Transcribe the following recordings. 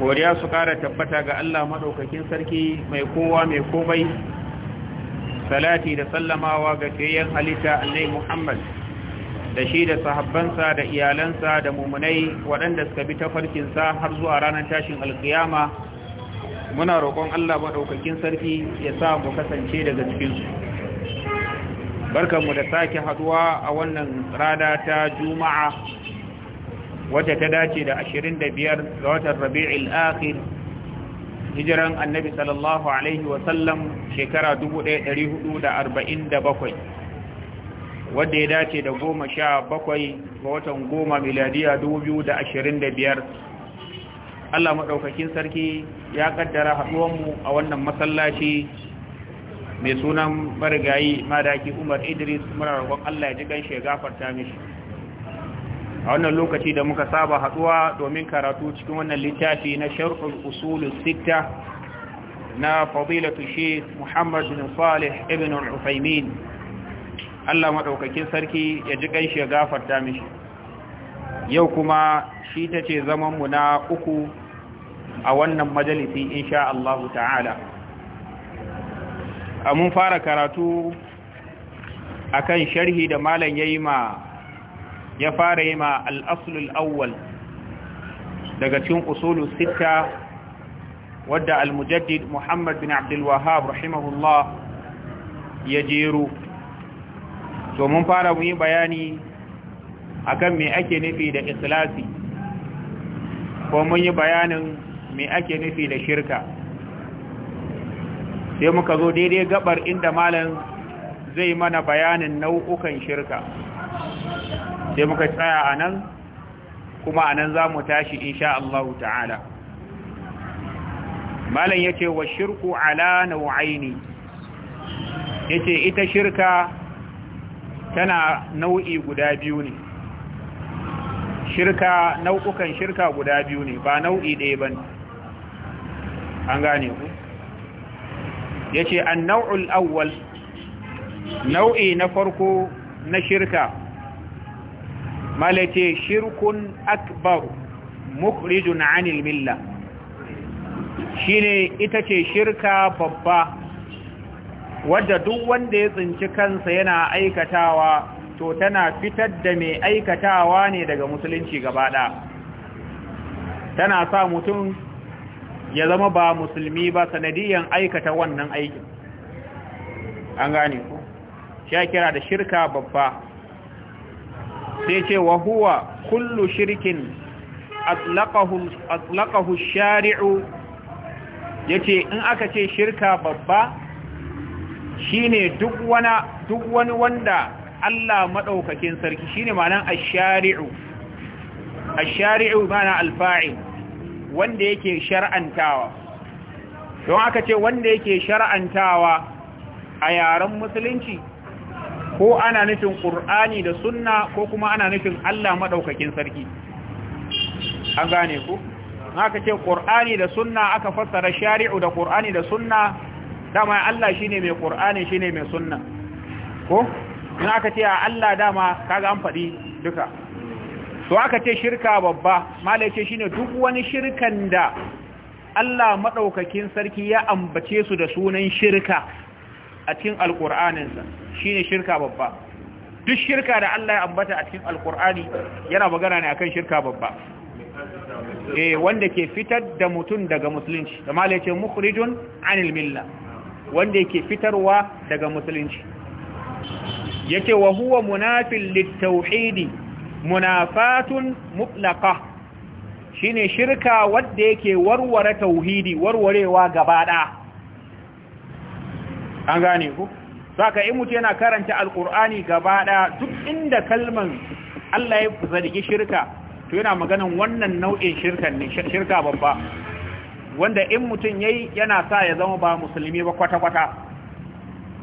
godiya su ƙara tabbata ga Allah maɗaukakin sarki mai kowa mai komai salati da sallamawa ga fiyayyen halitta annai Muhammad da shi da sahabbansa da iyalansa da mummunai waɗanda suka bi tafarkinsa har zuwa ranar tashin alkiyama muna roƙon Allah maɗaukakin sarki ya sa mu kasance daga cikinsu barkanmu da sake haduwa a wannan rada ta juma'a wata ta dace da 25 ga watan rabi'il akhir hijiran annabi sallallahu alaihi wasallam shekara 1447 wadda ya dace da 17 ga watan 10 miladiya 2025 Allah maɗaukakin sarki ya ƙaddara haɗuwanmu a wannan masallaci mai sunan marigayi madaki umar idris muna roƙon Allah ya ji gan shi gafarta mishi a wannan lokaci da muka saba haduwa domin karatu cikin wannan littafi na sharhul usulus sitta na fadilatu sheikh Muhammad bin Salih ibn al-Uthaymeen Allah madaukakin sarki ya ji kanshi ya gafarta mishi yau kuma shi tace zaman mu na uku a wannan majalisi insha Allah ta'ala a mun fara karatu akan sharhi da malam yayi ma ya fara yi ma al'asulul awwal daga cikin usulu sita wadda al-mujaddid Muhammad bin Abdul rahimahullah ya jeru, to mun fara mu yi bayani akan me ake nufi da ikhlasi ko mun yi bayanin me ake nufi da shirka sai muka zo daidai gabar inda malam zai mana bayanin nau'ukan shirka sai muka tsaya a nan kuma a nan za mu tashi insha Allah ta'ala malam ya ce wa shirku ala nau'aini ya ce ita shirka tana nau'i guda biyu ne shirka nau'ukan shirka guda biyu ne ba nau'i ɗaya ba ne an gane ku ya ce an nau'ul awwal nau'i na farko na shirka malace shirkun akbar mukhrijun anil milla shine ita ce shirka babba Wanda duk wanda ya tsinci kansa yana aikatawa to tana fitar da mai aikatawa ne daga musulunci gabaɗa tana sa mutum ya zama ba musulmi ba sanadiyan aikata wannan aikin an gane ku sha kira da shirka babba sai ce wa huwa kullu shirkin atlaqahu shari'u yace in aka ce shirka babba shine duk wani duk wani wanda Allah madaukakin sarki shine ma'anar ash-shari'u ash-shari'u ma'ana al-fa'il wanda yake shar'antawa don aka ce wanda yake shar'antawa a yaren musulunci ko ana nufin ƙur'ani da sunna ko kuma ana nufin Allah maɗaukakin sarki an gane ku haka ce ƙur'ani da sunna aka fassara shari'u da ƙur'ani da sunna dama Allah shine mai ƙur'ani shine mai sunna ko in aka ce a Allah dama kaga an faɗi duka to aka ce shirka babba malai ce shine duk wani shirkan da Allah maɗaukakin sarki ya ambace su da sunan shirka a cikin alƙur'aninsa shi ne shirka babba duk shirka da Allah ya ambata a cikin alƙur'ani yana magana ne akan shirka babba eh wanda ke fitar da mutum daga musulunci da malai ce mukhrijun anil milla wanda yake fitarwa daga musulunci yake wa huwa munafil litauhidi munafatun mutlaqa shine shirka wanda yake warware tauhidi warwarewa gaba ɗaya an gane ku saka in mutu yana karanta alkur'ani gaba daya duk inda kalman Allah ya zargi shirka to yana maganan wannan nau'in shirkan ne shirka babba wanda in mutum yayi yana sa ya zama ba musulmi ba kwata kwata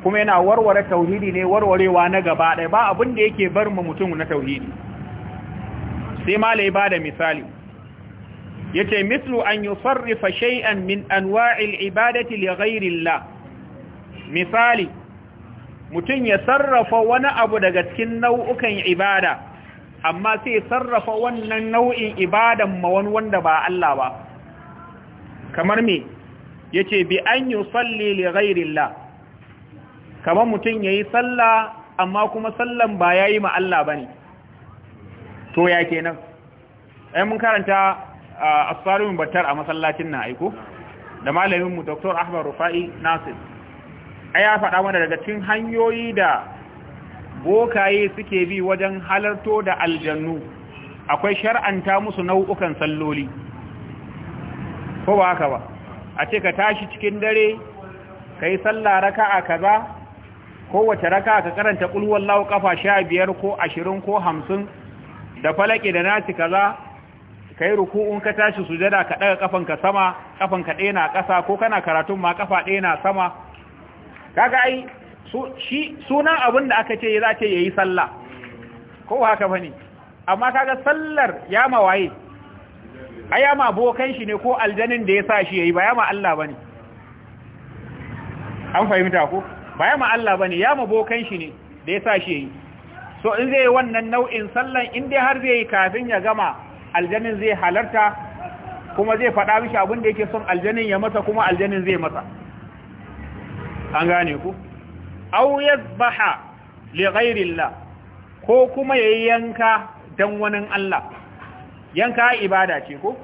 kuma yana warware tauhidi ne warwarewa na gaba daya ba abin da yake bar mu mutum na tauhidi sai malai ba da misali yace mislu an yusarrifa shay'an min anwa'il ibadati li ghayri Allah misali mutum ya sarrafa wani abu daga cikin nau'ukan ibada amma sai sarrafa wannan nau'in ibadan ma wani wanda ba Allah ba kamar me yace bi an yusalli li ghairillah kamar mutum yayi sallah amma kuma sallan ba yayi ma Allah bane to ya kenan ai mun karanta ah, as battar a masallacin na aiko da malamin mu Dr. Ahmad Rufai Nasir a ya faɗa mana daga cikin hanyoyi da bokaye suke bi wajen halarto da aljannu akwai shar'anta musu nau'ukan salloli ko ba haka ba a ce ka tashi cikin dare ka yi sallah raka'a kaza kowace raka'a ka karanta kulwallahu kafa sha biyar ko ashirin ko hamsin da falaki da nasi kaza ka yi ruku'un ka tashi sujada ka ɗaga kafanka sama kafanka ɗaya na ƙasa ko kana karatun ma kafa ɗaya na sama kaga ai shi sunan abin da aka ce ya zace yayi sallah ko haka bane amma kaga sallar ya waye ai ya ma bokan shi ne ko aljanin da ya sa shi yayi ba ya ma Allah bane an fahimta ko ba ya ma Allah bane ya ma bokan shi ne da ya sa shi yayi so in zai wannan nau'in sallan in dai har zai yi kafin ya gama aljanin zai halarta kuma zai faɗa mishi abin da yake son aljanin ya masa kuma aljanin zai masa an gane ku aw yadhbaha li ghairillah ko kuma yayi yanka dan wani Allah yanka ibada ce ko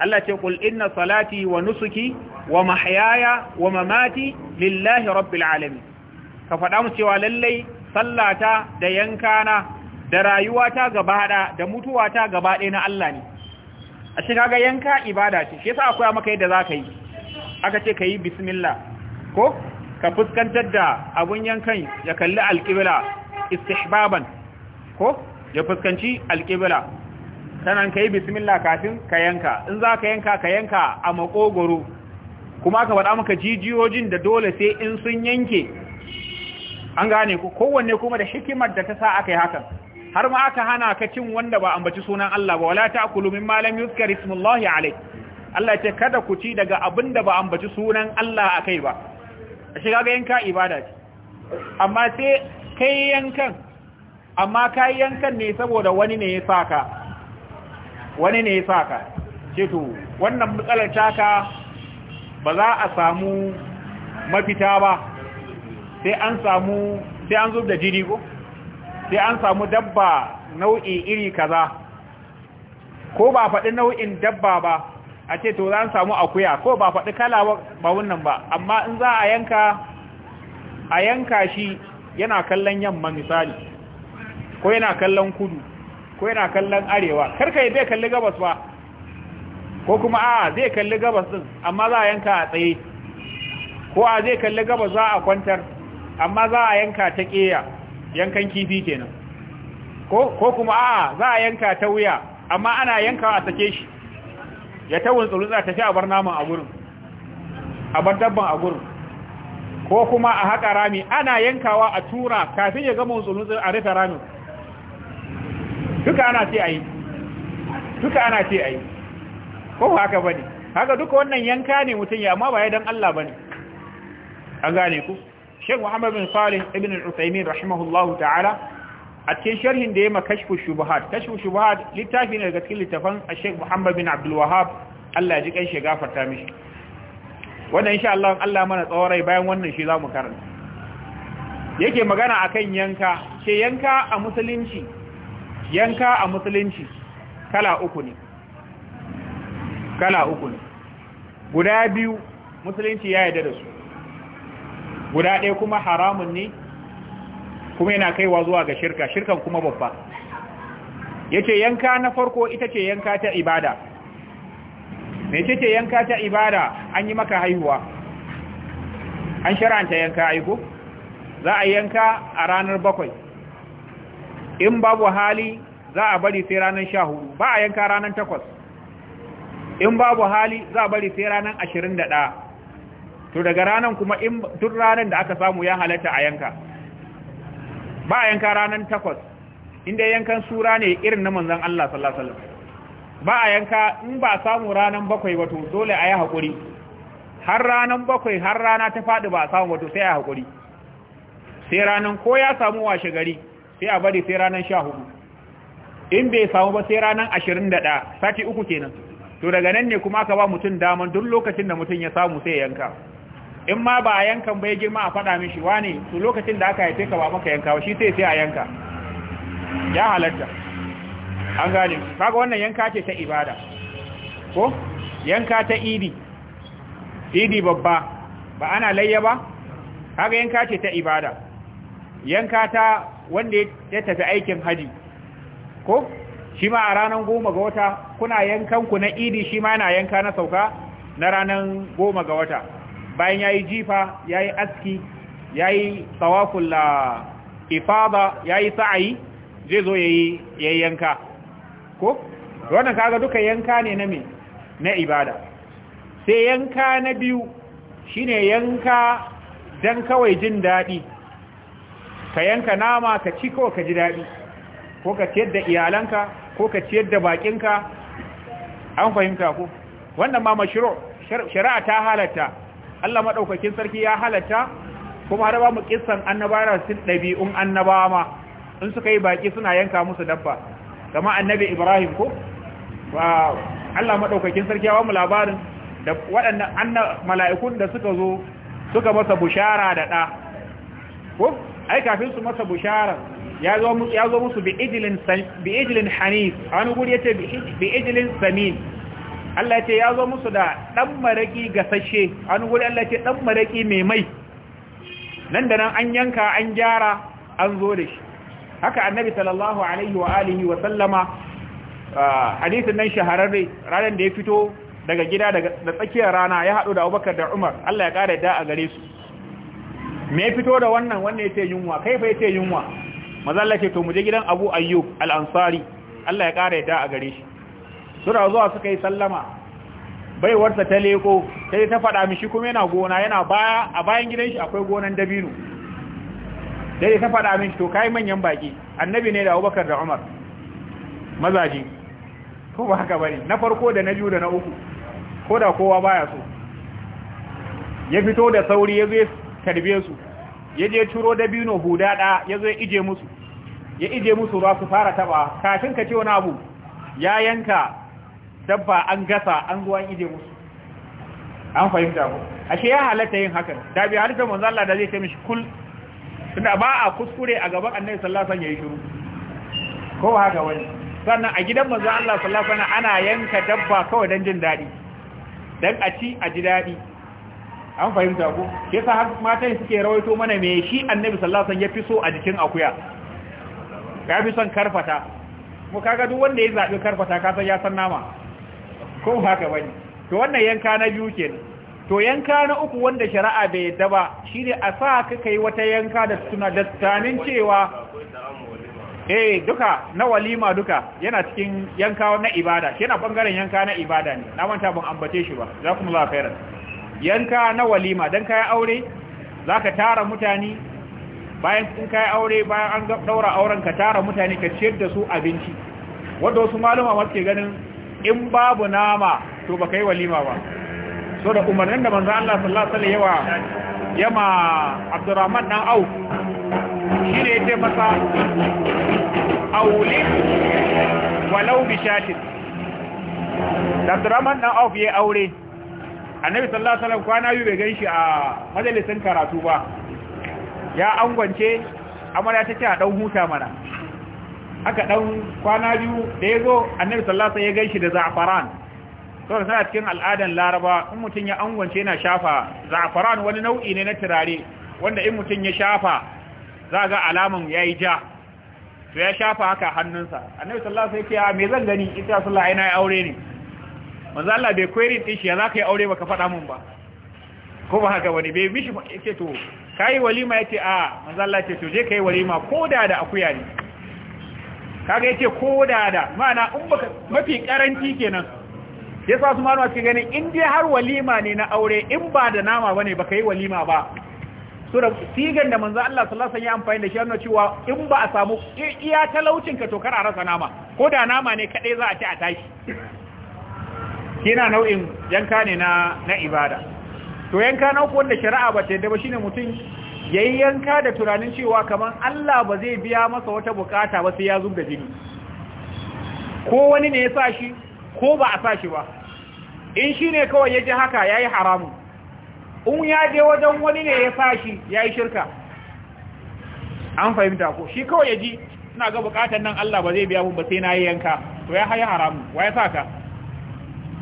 Allah ce kul inna salati wa nusuki wa mahyaya wa mamati lillahi rabbil alamin ka faɗa mu cewa lallai sallata da yankana da rayuwata gaba da mutuwata ɗaya na Allah ne a ce kaga yanka ibada ce shi yasa akwai maka yadda zaka yi aka ce kayi bismillah ko ka fuskantar da abun yankan ya kalli alƙibla istihbaban ko ya fuskanci alƙibla sanan ka yi bismillah kafin ka yanka in za ka yanka ka yanka a makogoro kuma ka faɗa maka jijiyojin da dole sai in sun yanke an gane ku kowanne kuma da hikimar da ta sa aka yi hakan har ma aka hana ka cin wanda ba ambaci sunan Allah ba wala ta'kulu mimma lam yuzkar ismullahi alayh Allah ce kada ku ci daga abinda ba ambaci sunan Allah akai ba a ga yanka ibada ce amma sai kai yankan amma kai yankan ne saboda wani ne ya saka wani ne ya saka ce to wannan matsalar taka ba za a samu mafita ba sai an samu sai an zub da jiri ko sai an samu dabba nau'i iri kaza ko ba faɗi nau'in dabba ba a ce to za samu akuya ko ba faɗi kala ba wannan ba amma in za a yanka a yanka shi yana kallon yamma misali ko yana kallon kudu ko yana kallon arewa karka yi zai kalli gabas ba ko kuma a zai kalli gabas din amma za a yanka a tsaye ko a zai kalli gabas za a kwantar amma za a yanka ta ƙeya yankan kifi kenan ko kuma a za a yanka ta wuya amma ana yankawa a sake shi ya tawon tsurutsa tafi a bar naman a gurin a bar dabban a gurin ko kuma a haƙa rami ana yankawa a tura kafin ya gama tsurutsa a rufe ramin duka ana ce a yi duka ana ce a yi ko haka ba ne haka duka wannan yanka ne mutum ya amma ba ya don Allah ba ne an gane ku shek muhammadu bin salih ibn al-usaimin rahimahullahu ta'ala a cikin sharhin da ya ma kashfu shubuhat kashfu shubuhat littafi ne daga cikin littafan Sheikh Muhammad bin Abdul Wahhab Allah ya ji kai shi gafarta mishi wannan insha Allah Allah mana tsawarai bayan wannan shi zamu karanta yake magana akan yanka ce yanka a musulunci yanka a musulunci kala uku ne kala uku ne guda biyu musulunci ya yarda da su guda ɗaya kuma haramun ne kuma yana kaiwa zuwa ga shirka shirkan kuma babba yace yanka na farko ita ce yanka ta ibada me ce yanka ta ibada an yi maka haihuwa an sharanta yanka aiko za a yanka a ranar bakwai in babu hali za a bari sai ranar sha ba a yanka ranar takwas in babu hali za a bari sai ranar ashirin da ɗaya to daga ranar kuma in duk ranar da aka samu ya halatta a yanka ba a yanka ranar takwas inda yankan sura ne irin na manzan Allah sallallahu alaihi wasallam ba a yanka in ba samu ranar bakwai wato dole a yi haƙuri har ranar bakwai har rana ta faɗi ba a samu wato sai a yi haƙuri sai ranar ko ya samu washe gari sai a bari sai ranar sha hudu in bai samu ba sai ranar ashirin da ɗaya sati uku kenan to daga nan ne kuma aka ba mutum daman duk lokacin da mutum ya samu sai yanka in ma ba a yankan bai girma a faɗa mishi ne, to lokacin da aka haife ka ba maka yanka shi sai sai a yanka ya halarta an gane kaga wannan yanka ce ta ibada ko yanka ta idi idi babba ba ana layya ba kaga yanka ce ta ibada yanka ta wanda ya tafi aikin haji ko shi ma a ranar goma ga wata kuna yankanku na idi shi ma yana yanka na sauka na ranar goma ga wata bayan ya yi jifa ya yi aski ya yi tsawaful ah, ifada ya yi sa'ayi zai zo ya yi yanka ko wannan kaga duka yanka ne na na ibada sai yanka na biyu shine yanka dan kawai jin daɗi ka yanka nama ka ci ko ka ji daɗi ko ka ciyar da iyalanka ko ka ciyar da bakinka an fahimta ko wannan ma mashiro shari'a ta halatta Allah maɗaukakin sarki ya halatta kuma har mu kissan annabawa sun ɗabi'un annabawa ma in suka yi baƙi suna yanka musu dabba kama annabi Ibrahim ko Allah maɗaukakin sarki ya wa mu labarin da waɗannan mala'ikun da suka zo suka masa bushara da ɗa ko ai kafin su masa bushara ya zo musu bi ijilin hanif a wani guri ya ce bi ijilin samin Allah ya ce ya zo musu da ɗan maraƙi gasashe an wuri Allah ya ce ɗan maraƙi mai mai nan da nan an yanka an gyara an zo da shi haka annabi sallallahu alaihi wa alihi wa sallama hadisun nan shahararre ranar da ya fito daga gida da tsakiyar rana ya haɗu da abubakar da umar Allah ya ƙara da a gare su me fito da wannan wannan ya ce yunwa kai fa ya ce yunwa mazalla ce to mu je gidan abu ayyub al-ansari Allah ya ƙara da a gare shi suna zuwa suka yi sallama baiwarsa ta leko sai ta faɗa mishi kuma yana gona yana baya a bayan gidan shi akwai gonan dabino sai ta fada mishi to kai manyan baki annabi ne da Abubakar da Umar mazaji ko ba haka bane na farko da na biyu da na uku ko da kowa baya so ya fito da sauri ya zo karbe su ya je turo dabino huda da ya zo ya ije musu ya ije musu ruwa su fara taba kafin ka ce wani abu ya yanka dabba an gasa an zuwa ije musu an fahimta ku ashe ya halatta yin hakan da bi halitta manzo Allah da zai ce mishi kul tunda ba a kuskure a gaban annabi sallallahu alaihi wasallam yayi shiru ko haka wani sannan a gidan manzo Allah sallallahu alaihi wasallam ana yanka dabba kawai dan jin dadi dan a ci a ji dadi an fahimta ku ke sa har matan suke rawaito mana me shi annabi sallallahu alaihi wasallam ya fi so a jikin akuya ya fi son karfata mu kaga duk wanda ya zabi karfata ka san ya san nama ko haka bane to wannan yanka na biyu ke to yanka na uku wanda shari'a bai yadda ba shine a sa ka kai wata yanka da suna da tsanin cewa eh duka na walima duka yana cikin yanka na ibada shi yana bangaren yanka na ibada ne na manta ban ambace shi ba za ku zakumullahu khairan yanka na walima dan kai aure zaka tara mutane bayan kun kai aure bayan an daura auren ka tara mutane ka ciyar da su abinci wanda wasu maluma ma suke ganin in babu nama to baka yi walima ba so da umarnin da manzo Allah sallallahu alaihi wasallam yama Abdurrahman dan au shine yake masa auli walau bi shatin da Abdurrahman dan au ya aure Annabi sallallahu alaihi wasallam kwana biyu bai ganshi a majalisin karatu ba ya angwance amma ta ce a dau huta mana aka ɗan kwana biyu da ya zo annabi sallasa ya gaishi da za'afaran to sai a cikin al'adan laraba in mutum ya angwance yana shafa za'afaran wani nau'i ne na turare wanda in mutum ya shafa za ga alaman ya yi ja to ya shafa haka hannunsa annabi sallasa ya ce a me zan gani ita sallah ina ya aure ne manzo Allah bai query din shi ya zaka yi aure baka faɗa mun ba ko ba haka wani bai mishi ce to kai walima yace a manzo Allah ce to je kai walima koda da akuya ne kaga yace ko da da ma'ana in baka mafi karanci kenan yasa su suke ganin in dai har walima ne na aure in ba da nama bane baka yi walima ba so da sigan da manzo Allah sallallahu alaihi wasallam ya amfani da shi annabi cewa in ba a samu iya talaucin ka to kar a rasa nama ko da nama ne kadai za a ci a tashi kina nau'in yanka ne na na ibada to yanka na wanda shari'a ba ta yadda ba shine mutum yayyanka yanka da tunanin cewa kamar Allah ba zai biya masa wata bukata ba sai ya zub da jini ko wani ne ya sa shi ko ba a sa shi ba in shi ne kawai ya ji haka ya yi haramu in ya je wajen wani ne ya sa shi ya yi shirka an fahimta ko shi kawai ya ji ina ga bukatar nan Allah ba zai biya mun ba sai na yi yanka to ya haya haramu wa ya sa ka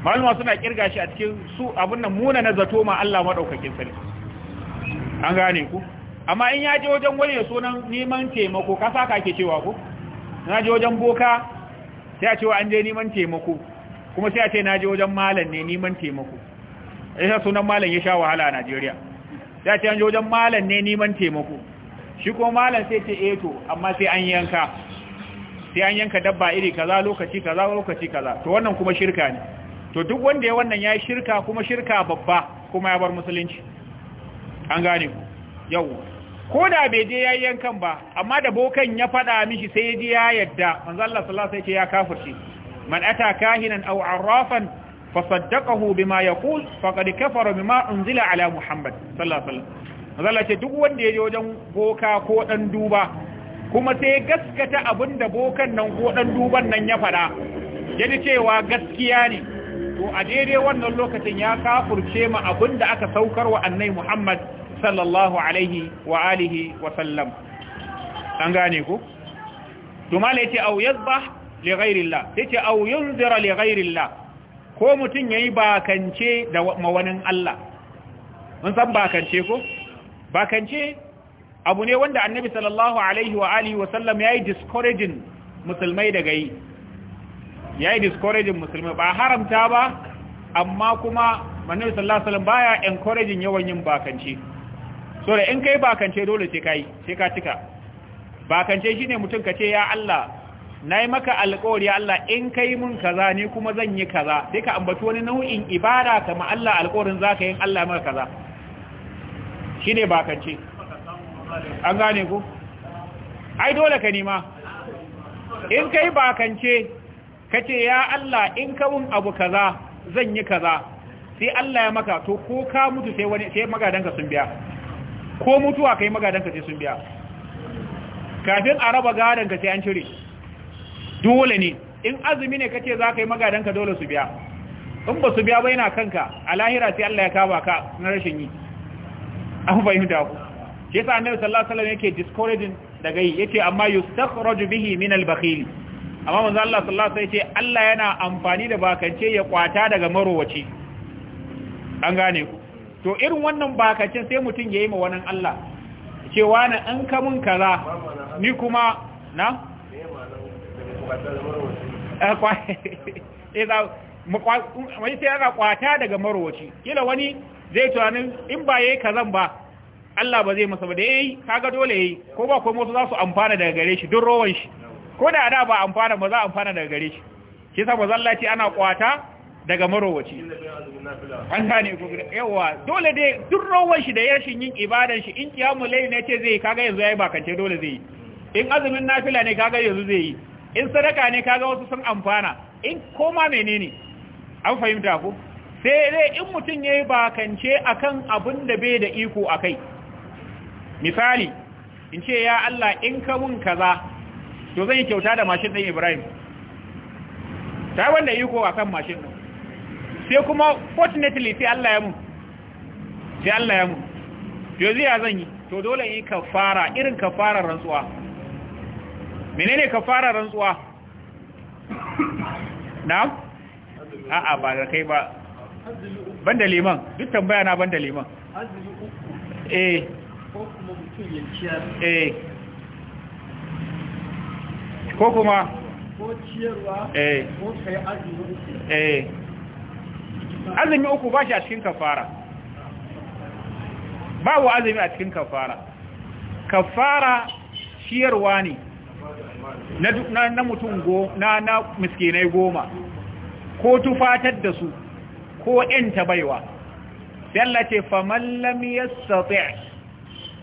malama suna kirga shi a cikin su abin nan muna na zato ma Allah madaukakin sarki an gane ku amma in ya je wajen wani ya sunan neman taimako ka saka ake cewa ko na je wajen boka sai a cewa an je neman taimako kuma sai a ce na je wajen malam ne neman taimako ya sunan malam ya sha wahala a Najeriya sai a ce an je wajen malam ne neman taimako shi ko malam sai ce eh to amma sai an yanka sai an yanka dabba iri kaza lokaci kaza lokaci kaza to wannan kuma shirka ne to duk wanda ya wannan ya shirka kuma shirka babba kuma ya bar musulunci an gane ku yau ko da bai je yayi yankan ba amma da bokan ya fada mishi sai ya je ya yadda manzo Allah sallallahu alaihi wasallam sai ya kafirce man ata kahinan aw arrafan saddaqahu bima yaqul faqad kafara bima unzila ala muhammad sallallahu alaihi wasallam manzo Allah ce duk wanda ya je wajen boka ko dan duba kuma sai gaskata abinda bokan nan ko dan duban nan ya fada yaji cewa gaskiya ne to a daidai wannan lokacin ya kafurce ma da aka saukar wa annai muhammad sallallahu alaihi wa alihi wa sallam an gane ku tuma la yace au yadhbah li ghairillah yace au yunzira li ghairillah ko mutun yayi bakance da mawanin Allah mun san bakance ko bakance abu ne wanda annabi sallallahu alaihi wa alihi wa sallam yayi discouraging musulmai daga yi yayi discouraging musulmai ba haramta ba amma kuma annabi sallallahu alaihi wa sallam baya encouraging yawan yin bakance so da in kai bakance dole sai kai sai ka cika bakance shine mutum kace ya Allah nayi maka alƙawari ya Allah in kai mun kaza ni kuma zan yi kaza sai ka ambaci wani nau'in ibada kamar Allah alƙawarin zaka yi Allah maka kaza shine bakance an gane ku ai dole ka nima in kai bakance kace ya Allah in ka mun abu kaza zan yi kaza sai Allah ya maka to ko ka mutu sai wani sai magadanka sun biya ko mutuwa kai magadanka sai sun biya kafin a raba gadanka sai an cire dole ne in azumi ne kace za ka yi magadanka dole su biya in ba su biya ba yana kanka a lahira sai Allah ya kaba ka na rashin yi an fahimta ku shi yasa annabi sallallahu alaihi wasallam yake discouraging daga yi yace amma yustakhraju bihi min al-bakhil amma manzo Allah sallallahu alaihi wasallam yace Allah yana amfani da bakance ya kwata daga marowaci an gane ku to irin wannan bakacin sai mutum ya yi ma wani Allah cewa na an kamun kaza ni kuma na? Eh, eh, wani sai ana kwata daga marowaci kila wani zai tunanin in ba yayi kazan ba Allah ba zai masa ba da yi, kaga dole yayi ko ba kuma wasu za su amfana daga gare shi duk rowan shi ko da ada ba amfana ba za amfana daga gare shi shi sa zan ce ana kwata daga marowaci an gane ku yawa dole dai duk rowan shi da yashin yin ibadan shi in kiyamu lai ne ce zai kaga yanzu yayi bakance dole zai yi in azumin nafila ne kaga yanzu zai yi in sadaka ne kaga wasu sun amfana in koma menene an fahimta ku sai dai in mutum yayi bakance akan abin da bai da iko akai misali in ce ya Allah in ka mun kaza to zan yi kyauta da mashin din Ibrahim ta wanda iko akan mashin sai kuma fortunately sai Allah ya mu sai Allah ya mu zai ya zan yi to dole yi kafara irin kafarar rantsuwa menene kafarar rantsuwa na'am a'a ba da kai ba banda liman duk tambaya na banda liman eh ko kuma mutum ya ciyar eh ko kuma ko ciyarwa eh ko sai azumi eh azumi uku ba shi a cikin kafara babu azumi a cikin kafara kafara shiyarwa ne na, na, mutum na, miskinai goma ko tufatar da su ko ‘yanta baiwa sai Allah ce famallami ya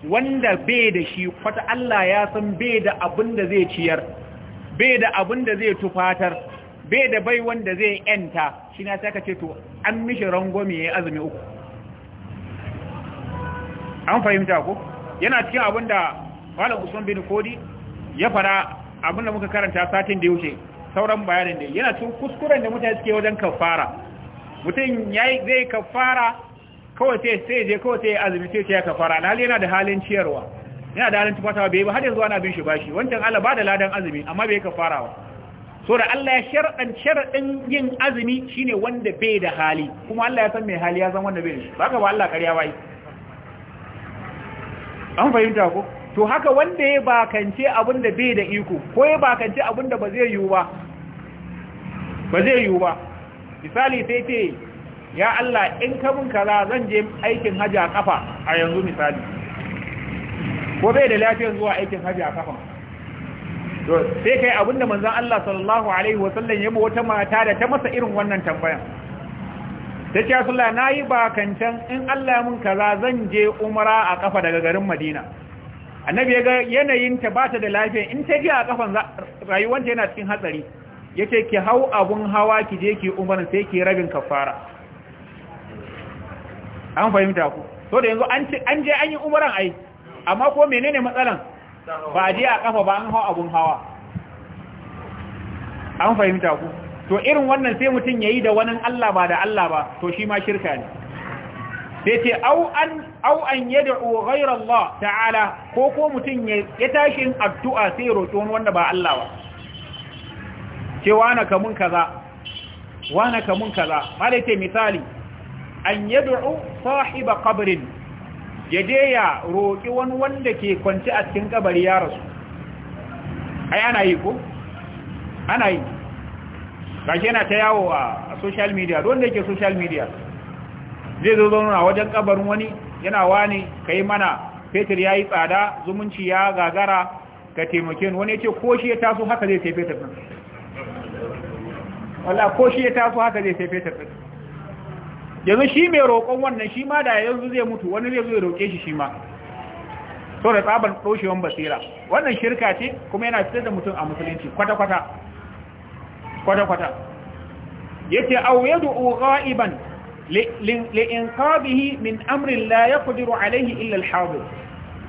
wanda bai da shi kwata Allah ya san bai da abin da zai ciyar bai da abin da zai tufatar bai da bai wanda zai ‘yanta shi na sai ka ce to an mishi rangwami ya yi azumi uku an fahimta ko yana cikin abin da malam usman bin kodi ya fara abin da muka karanta satin da ya wuce sauran bayanin da yana cikin kuskuren da mutane suke wajen kafara mutum zai kafara kawai sai sai je kawai sai azumi sai ya kafara hali yana da halin ciyarwa yana da halin tufatawa bai yi ba har yanzu ana bin shi bashi wancan Allah ba da ladan azumi amma bai kafara ba so da Allah ya sharaɗin sharaɗin yin azumi shine wanda bai da hali kuma Allah ya san mai hali ya san wanda bai da shi baka ba Allah ƙarya bai an fahimta ko to haka wanda ya bakance abin da bai da iko ko ya bakance abin da ba zai yiwu ba ba zai yiwu ba misali sai ce ya Allah in ka mun kaza zan je aikin haji a kafa a yanzu misali ko bai da lafiyar zuwa aikin haji a kafa to sai kai abinda manzon Allah sallallahu alaihi wasallam yabo wata mata da ta masa irin wannan tambaya. ta ce asula na yi bakancan in Allah mun kaza zan je umara a kafa daga garin Madina annabi ya ga yanayinta ba ta da lafiya in ta ji a kafan rayuwanta yana cikin hatsari ya ce ki hau abun hawa ki je ki umarin sai ki rabin kafara an fahimta ku so da yanzu an je an yi umaran ai amma ko menene matsalan ba a je a ƙafa ba an hau abun hawa an fahimta ku to irin wannan sai mutum ya yi da wani Allah ba da Allah ba to shi ma shirka ne sai ce au an yada an Allah ta'ala ko ko mutum ya tashi in addu'a sai roƙo wanda ba Allah ba ce wane kamun kaza wane kamun kaza da ce misali an yad'u sahiba qabrin ya je ya roƙi wani wanda ke kwanci a cikin kabari ya rasu ai ana yi ko ana yi Ba shi yana ta yawo a social media don da ke social media zai zo nuna wajen kabarin wani yana wani yi mana fetur ya yi tsada zumunci ya gagara ka taimakin wani ya ce ko shi ya taso haka zai sai fetur ɗin wala ko shi ya taso haka zai sai fetur ɗin yanzu shi mai roƙon wannan shi ma da yanzu zai mutu wani zai zai roƙe shi shi ma so da tsaban ɗoshewan basira wannan shirka ce kuma yana fitar da mutum a musulunci kwata-kwata kwata-kwata ya ce au ya du'u ga'iban li'inqabihi min amrin la ya kudiru alaihi illal haɗu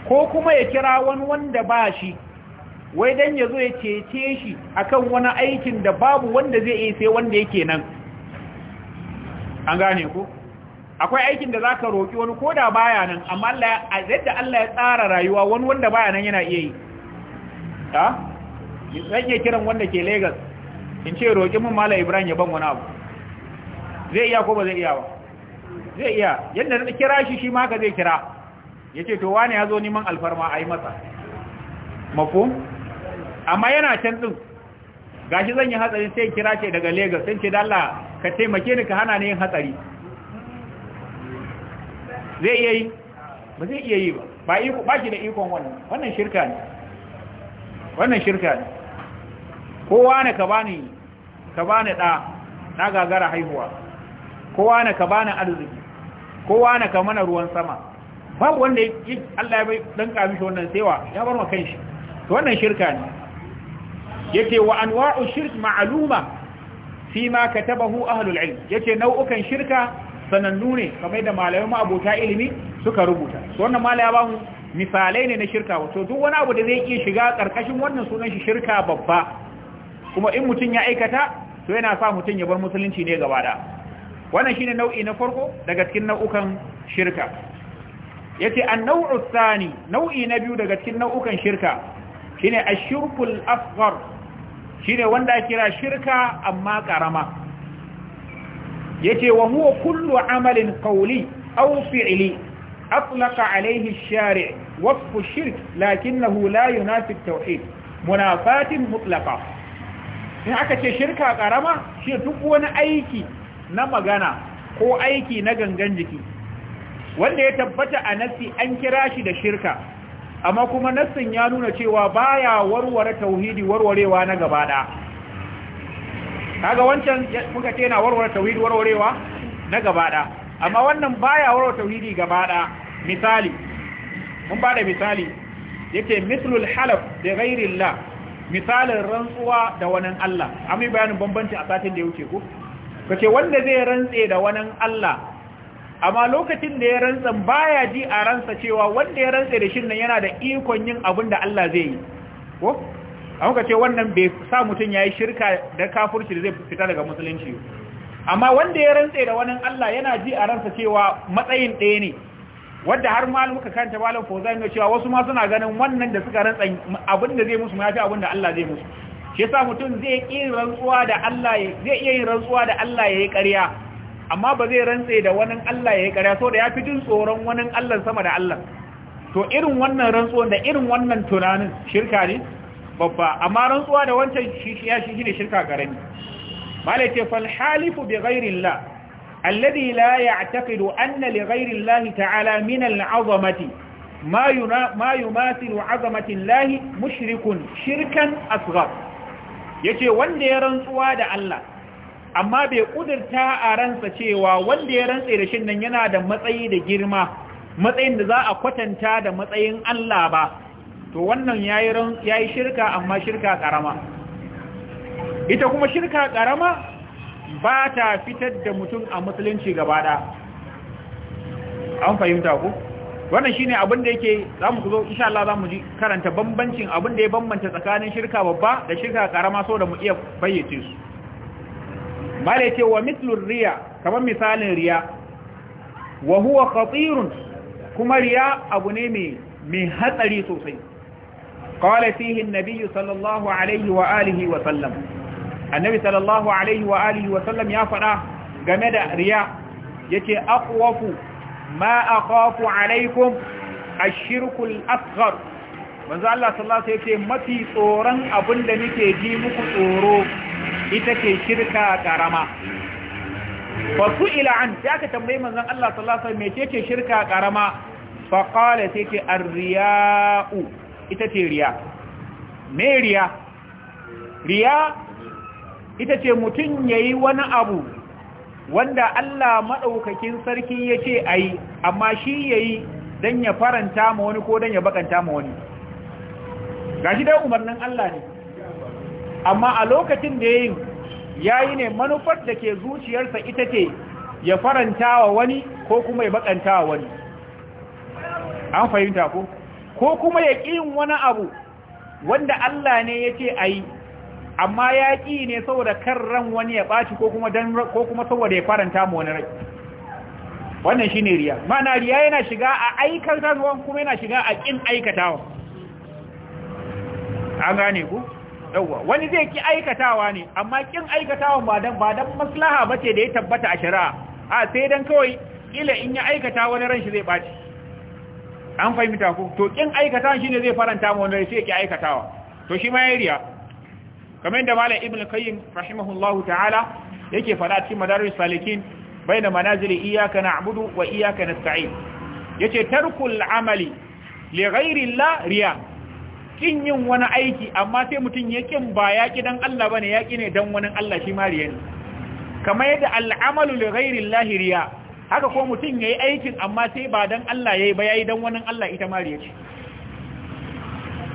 ko kuma ya kira wani wanda ba shi wai dan zo ya cece shi akan wani aikin da babu wanda zai yi sai wanda yake nan an gane ku akwai aikin da zaka roki wani koda baya nan amma Allah yadda Allah ya tsara rayuwa wani wanda baya nan yana iya yi ta zan iya kiran wanda ke Lagos in ce roki mun Malam Ibrahim ya ban wani abu zai iya ko ba zai iya ba zai iya yadda na kira shi shi ma ka zai kira yace to wani ya zo neman alfarma ayi masa mafhum amma yana can din gashi zan yi hatsari sai kira ce daga Lagos sai ce dalla ka taimake ni ka hana ni yin hatsari zai iya yi ba zai iya yi ba ba iko ba shi da ikon wannan wannan shirka ne wannan shirka ne kowa ne ka bani ka bani da na gagara haihuwa kowa ne ka bani arziki kowa ne ka mana ruwan sama babu wanda Allah ya bai dan kamishi wannan saiwa ya bar ma kanshi to wannan shirka ne yace wa anwa'u shirk ma'luma fi ma katabahu ahlul ilm yace nau'ukan shirka sanannu ne kamar da malamai abota ilimi suka rubuta so wannan malaya misalai ne na shirka wato duk wani abu da zai iya shiga karkashin wannan sunan shi shirka babba kuma in mutun ya aikata to yana sa mutun ya bar musulunci ne gaba da wannan shine nau'i na farko daga cikin nau'ukan shirka yace an-naw'u thani nau'i na biyu daga cikin nau'ukan shirka shine ashirkul asghar shine wanda kira shirka amma karama yace wa huwa kullu amalin qawli aw aflaka alaihi عليه الشارع shirk lakin na hula ينافي التوحيد منافات مطلقة in aka ce shirka karama shi duk wani aiki na magana ko aiki na gangan jiki wanda ya tabbata a nasi an kira shi da shirka amma kuma nassin ya nuna cewa baya warware tauhidi warwarewa na gaba da kaga wancan muka ce warware tauhidi warwarewa na gaba da amma wannan baya warware tauhidi gaba da misali mun bada misali yake mithlul halaf da ghairillah misalin rantsuwa da wani Allah amma bayanin bambanci a satin da ya wuce ko kace wanda zai rantse da wani Allah amma lokacin da ya rantsa baya ji a ransa cewa wanda ya rantsa da shin nan yana da ikon yin abin da Allah zai yi ko an ka ce wannan bai sa mutum yayi shirka da kafirci da zai fita daga musulunci amma wanda ya rantsa da wani Allah yana ji a ransa cewa matsayin ɗaya ne wanda har ma muka kanta malam Fauzan ne cewa wasu ma suna ganin wannan da suka rantsa abin da zai musu ma fi abin da Allah zai musu shi yasa mutum zai iya rantsuwa da Allah zai iya yin rantsuwa da Allah yayi ƙarya amma ba zai rantse da wani Allah ya yi ƙarya so da ya fi jin tsoron wani Allah sama da Allah to irin wannan rantsuwa da irin wannan tunanin shirka ne babba amma rantsuwa da wancan shi ya shi ne shirka karami malai ce fal halifu bi ghairi Allah alladhi la ya'taqidu anna li ghairi Allah ta'ala min Mayu azamati ma yuna ma yumathilu 'azamati Allah mushrikun shirkan asghar yace wanda ya rantsuwa da Allah amma bai kudurta a ransa cewa wanda ya rantse da shin nan yana da matsayi da girma matsayin da za a kwatanta da matsayin Allah ba to wannan yayi shirka amma shirka karama ita kuma shirka karama ba ta fitar da mutum a musulunci gaba da an fahimta ku wannan shine abin da yake zamu ku zo insha Allah zamu ji karanta bambancin abin da ya bambanta tsakanin shirka babba da shirka karama so da mu iya bayyace su mala yace wa mislur riya kamar misalin riya wa huwa khatirun kuma riya abu ne mai mai hatsari sosai qala fihi an-nabiy sallallahu alaihi wa alihi wa sallam annabi sallallahu alaihi wa alihi wa sallam ya fada game da riya yace aqwafu ma akhafu alaikum ash-shirku al-asghar manzo Allah sallallahu alaihi wasallam yace mafi tsoron abin da nake ji muku tsoro ita ce shirka karama fa su'ila an sai aka tambaye manzo Allah sallallahu alaihi wasallam ce shirka karama fa qala sai ce ar ita ce riya me riya riya ita ce mutun yayi wani abu wanda Allah madaukakin sarki yace ayi amma shi yayi dan ya faranta ma wani ko dan ya bakanta ma wani gashi dai umarnin Allah ne amma a lokacin da yayin yayi ne manufar da ke zuciyarsa ita ce ya faranta wa wani ko kuma ya bakanta wa wani an fahimta ko ko kuma ya ƙi wani abu wanda Allah ne ya ce a yi amma ya ƙi ne saboda kan ran wani ya ɓaci ko kuma saboda ya faranta mu wani rai wannan shi ne riya mana riya yana shiga a aikata zuwan kuma yana shiga a ƙin aikatawa an gane ku yawwa wani zai ki aikatawa ne amma kin aikatawa ba dan ba dan maslaha bace da ya tabbata a shari'a a sai dan kawai kila in ya aikata wani ran shi zai baci an fahimta ku to kin aikatawa shi zai faranta mu wani sai ki aikatawa to shi ma yariya kamar da malam ibnu qayyim rahimahullahu ta'ala yake fada cikin madarij salikin baina manazili iyyaka na'budu wa iyyaka nasta'in yace tarkul amali li ghairi Allah riya kin yin wani aiki amma sai mutum ya kin ba ya ki dan Allah bane ya ki ne dan wani Allah shi mariya ne kamar yadda al'amalu li ghairi lahiriya, riya haka ko mutum yayi aikin amma sai ba dan Allah yayi ba yayi dan wani Allah ita mariya ce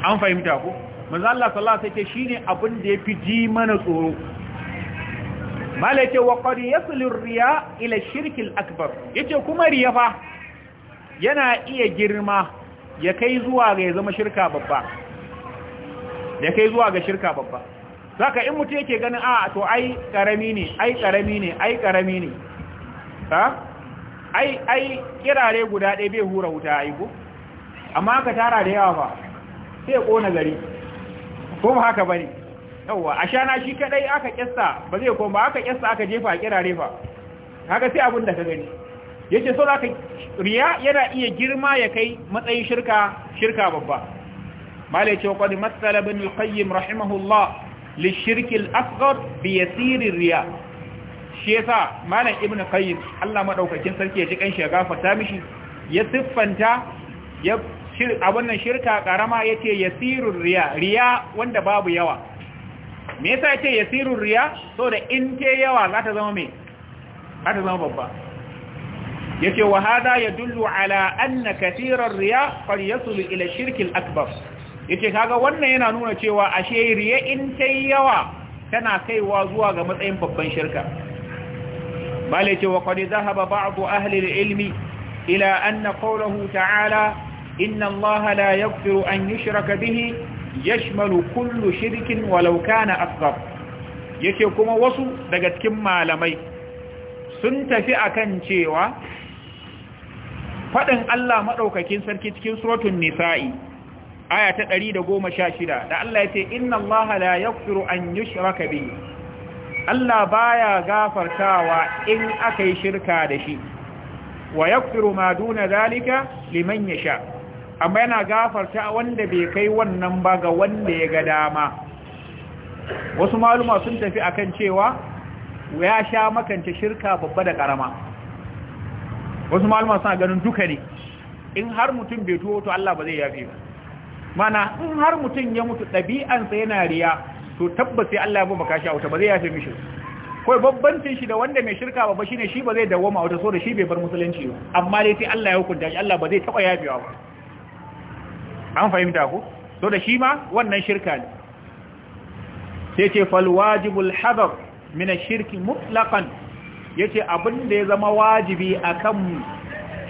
an fahimta ko manzo Allah sallallahu alaihi wasallam shine abin da yafi ji mana tsoro malaka wa qad yaslu riya ila shirk al-akbar yace kuma riya fa yana iya girma ya kai zuwa ga ya zama shirka babba da kai zuwa ga shirka babba ka in mutu yake ganin a ah, to ai karami ne ai karami ne ai karami ne ha ai ai kirare guda ɗaya bai hura wuta ai ko amma ka tara da yawa ba sai kona gari ko ba haka bane yawa ashana shi kadai aka kissa ba zai koma aka kissa aka jefa a kirare fa haka sai abin da ka gani yace so zaka riya yana iya girma ya kai matsayin shirka shirka babba malai ce kwadi matsala bin alƙayyim rahimahullah lishirkil asgar bi yasirin riya shi yasa malam ibn qayyim Allah madaukakin sarki ya ji kanshi ya gafarta mishi shirka karama yace yasirur riya wanda babu yawa me yasa yace yasirur riya saboda in te yawa za ta zama me babba yace wa ya dullu ala anna katirar riya qad yasul ila shirkil akbar yace kaga wannan yana nuna cewa ashe riya in tai yawa tana kaiwa zuwa ga matsayin babban shirka bale cewa qad zahaba ba'd ahli al-ilmi ila anna qawluhu ta'ala inna allaha la yaghfiru an yushraka bihi yashmalu kullu shirkin walau kana asghar yace kuma wasu daga cikin malamai sun tafi akan cewa fadin Allah madaukakin sarki cikin suratul nisa'i aya ta ɗari da goma sha shida. Da Allah ya ce inna Allah la kusuru an shiraka biyu. Allah baya gafartawa in aka yi shirka da shi wa yaghfiru ma duna zalika liman ya sha. amma yana gafarta wanda bai kai wannan ba ga wanda ya ga dama wasu maluma sun tafi a kan cewa ya sha makanta shirka babba da ƙarama. wasu maluma suna ganin duka ne in har mutum bai tuwo to Allah ba zai yafe ba mana in har mutum ya mutu ɗabi'ansa yana riya to tabbas sai Allah ya bu makashi a wuta ba zai yafe mishi kawai babbancin shi da wanda mai shirka ba shi ne shi ba zai dawoma a wuta so da shi bai bar musulunci ba amma dai sai Allah ya hukunta shi Allah ba zai taɓa yafewa ba an fahimta ku? so da shi ma wannan shirka ne sai ce fal wajibul hadar min ash-shirki mutlaqan yace abin da ya zama wajibi akan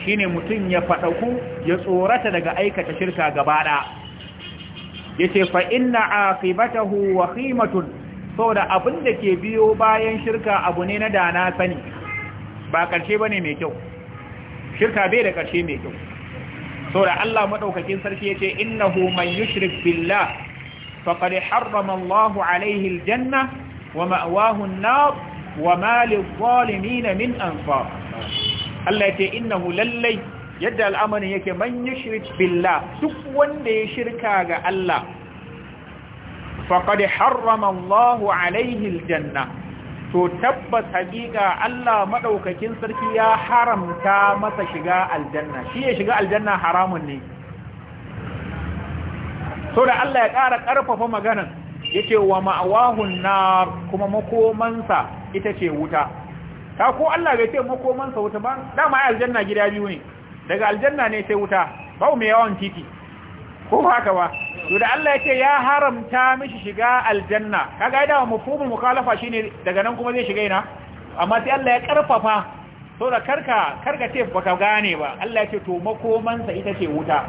shine mutum ya fadaku ya tsorata daga aikata shirka gaba ɗaya yace fa inna aqibatahu wahimatun da abin da ke biyo bayan shirka abu ne na dana sani ba karshe ne mai kyau shirka bai da karshe mai kyau da Allah madaukakin sarki yace innahu man yushrik billah faqad harrama Allahu alayhi janna, wa ma'wahu an wa ma lil-zalimin min anfa Allah yace innahu lallai yadda al'amarin yake man yushrik billa duk wanda ya shirka ga Allah faqad harrama Allah alaihi janna to tabbas haƙiƙa Allah maɗaukakin sarki ya haramta masa shiga aljanna shi ya shiga aljanna haramun ne so da Allah ya ƙara ƙarfafa ya ce wa ma'awahun nar kuma makomansa ita ce wuta ta ko Allah bai ce makomansa wuta ba dama aljanna gida biyu ne daga aljanna ne sai wuta ba mu yawan titi ko haka ba to da Allah yake ya haramta mishi shiga aljanna kaga ai da mafhumul mukhalafa shine daga nan kuma zai shiga ina amma sai Allah ya karfafa to da karka karka ce baka gane ba Allah yake to makoman sa ita ce wuta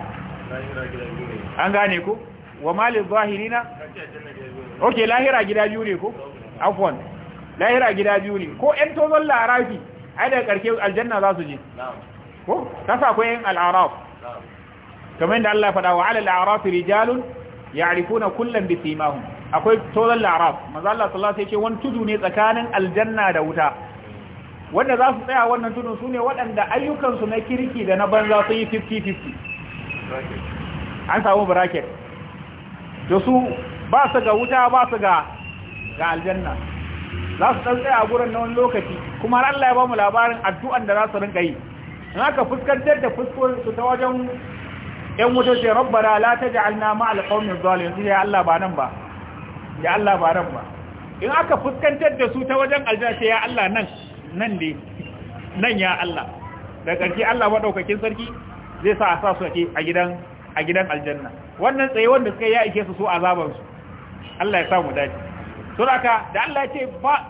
an gane ku wa malil zahirina okay lahira gida biyu ne ko afwan lahira gida biyu ne ko ƴan tozon larafi ai daga karke aljanna za su je ko kasa akwai yin al'araf kamar da Allah faɗa wa ala al'araf rijalun ya'rifuna kullan bi simahum akwai tozan al'araf manzo Allah sallallahu alaihi wasallam wani tudu ne tsakanin aljanna da wuta wanda za su tsaya wannan tudun sune waɗanda ayyukansu na kirki da na banza sun yi 50-50 an samu bracket da su ba su ga wuta ba su ga ga aljanna za su tsaya a gurin na wani lokaci kuma Allah ya ba mu labarin addu'an da za su rinka yi haka fuskantar da fuskokinsu ta wajen ‘yan wuta rabba rabbara la ta ji alna ma'al ƙaunin zalin su ya Allah ba nan ba ya Allah ba nan ba in aka fuskantar da su ta wajen aljanna ya Allah nan nan ne nan ya Allah da ƙarfi Allah maɗaukakin sarki zai sa a sa su a gidan a gidan aljanna wannan tsaye wanda suka ya ike su so azabansu Allah ya samu dace Sun haka da Allah ya ce ba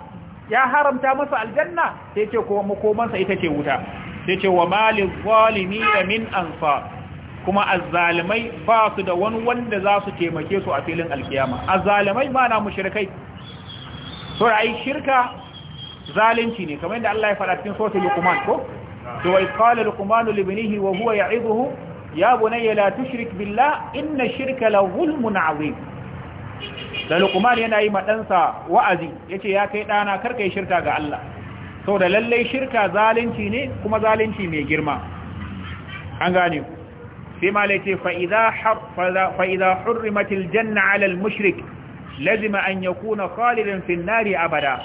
ya haramta masa aljanna sai ce kuma makomansa ita ce wuta sai ce wa malin zalimi da min ansa kuma azzalimai ba su da wani wanda za su taimake su a filin alkiyama azzalimai ma na mushrikai so ra'ayi shirka zalunci ne kamar yadda Allah ya faɗa cikin sosai lukuman ko to wa qala Luqman li ibnihi wa huwa ya'iduhu ya bunayya la tushrik billah inna shirka la zulmun 'azim da lukuman yana yi ma ɗansa wa'azi yace ya kai dana karka yi shirka ga Allah sau da lallai shirka zalunci ne kuma zalunci mai girma an gane sai malai ce fa'iza hurrimatil janna alal mushrik lazima an ya kuna khalidin finnari abada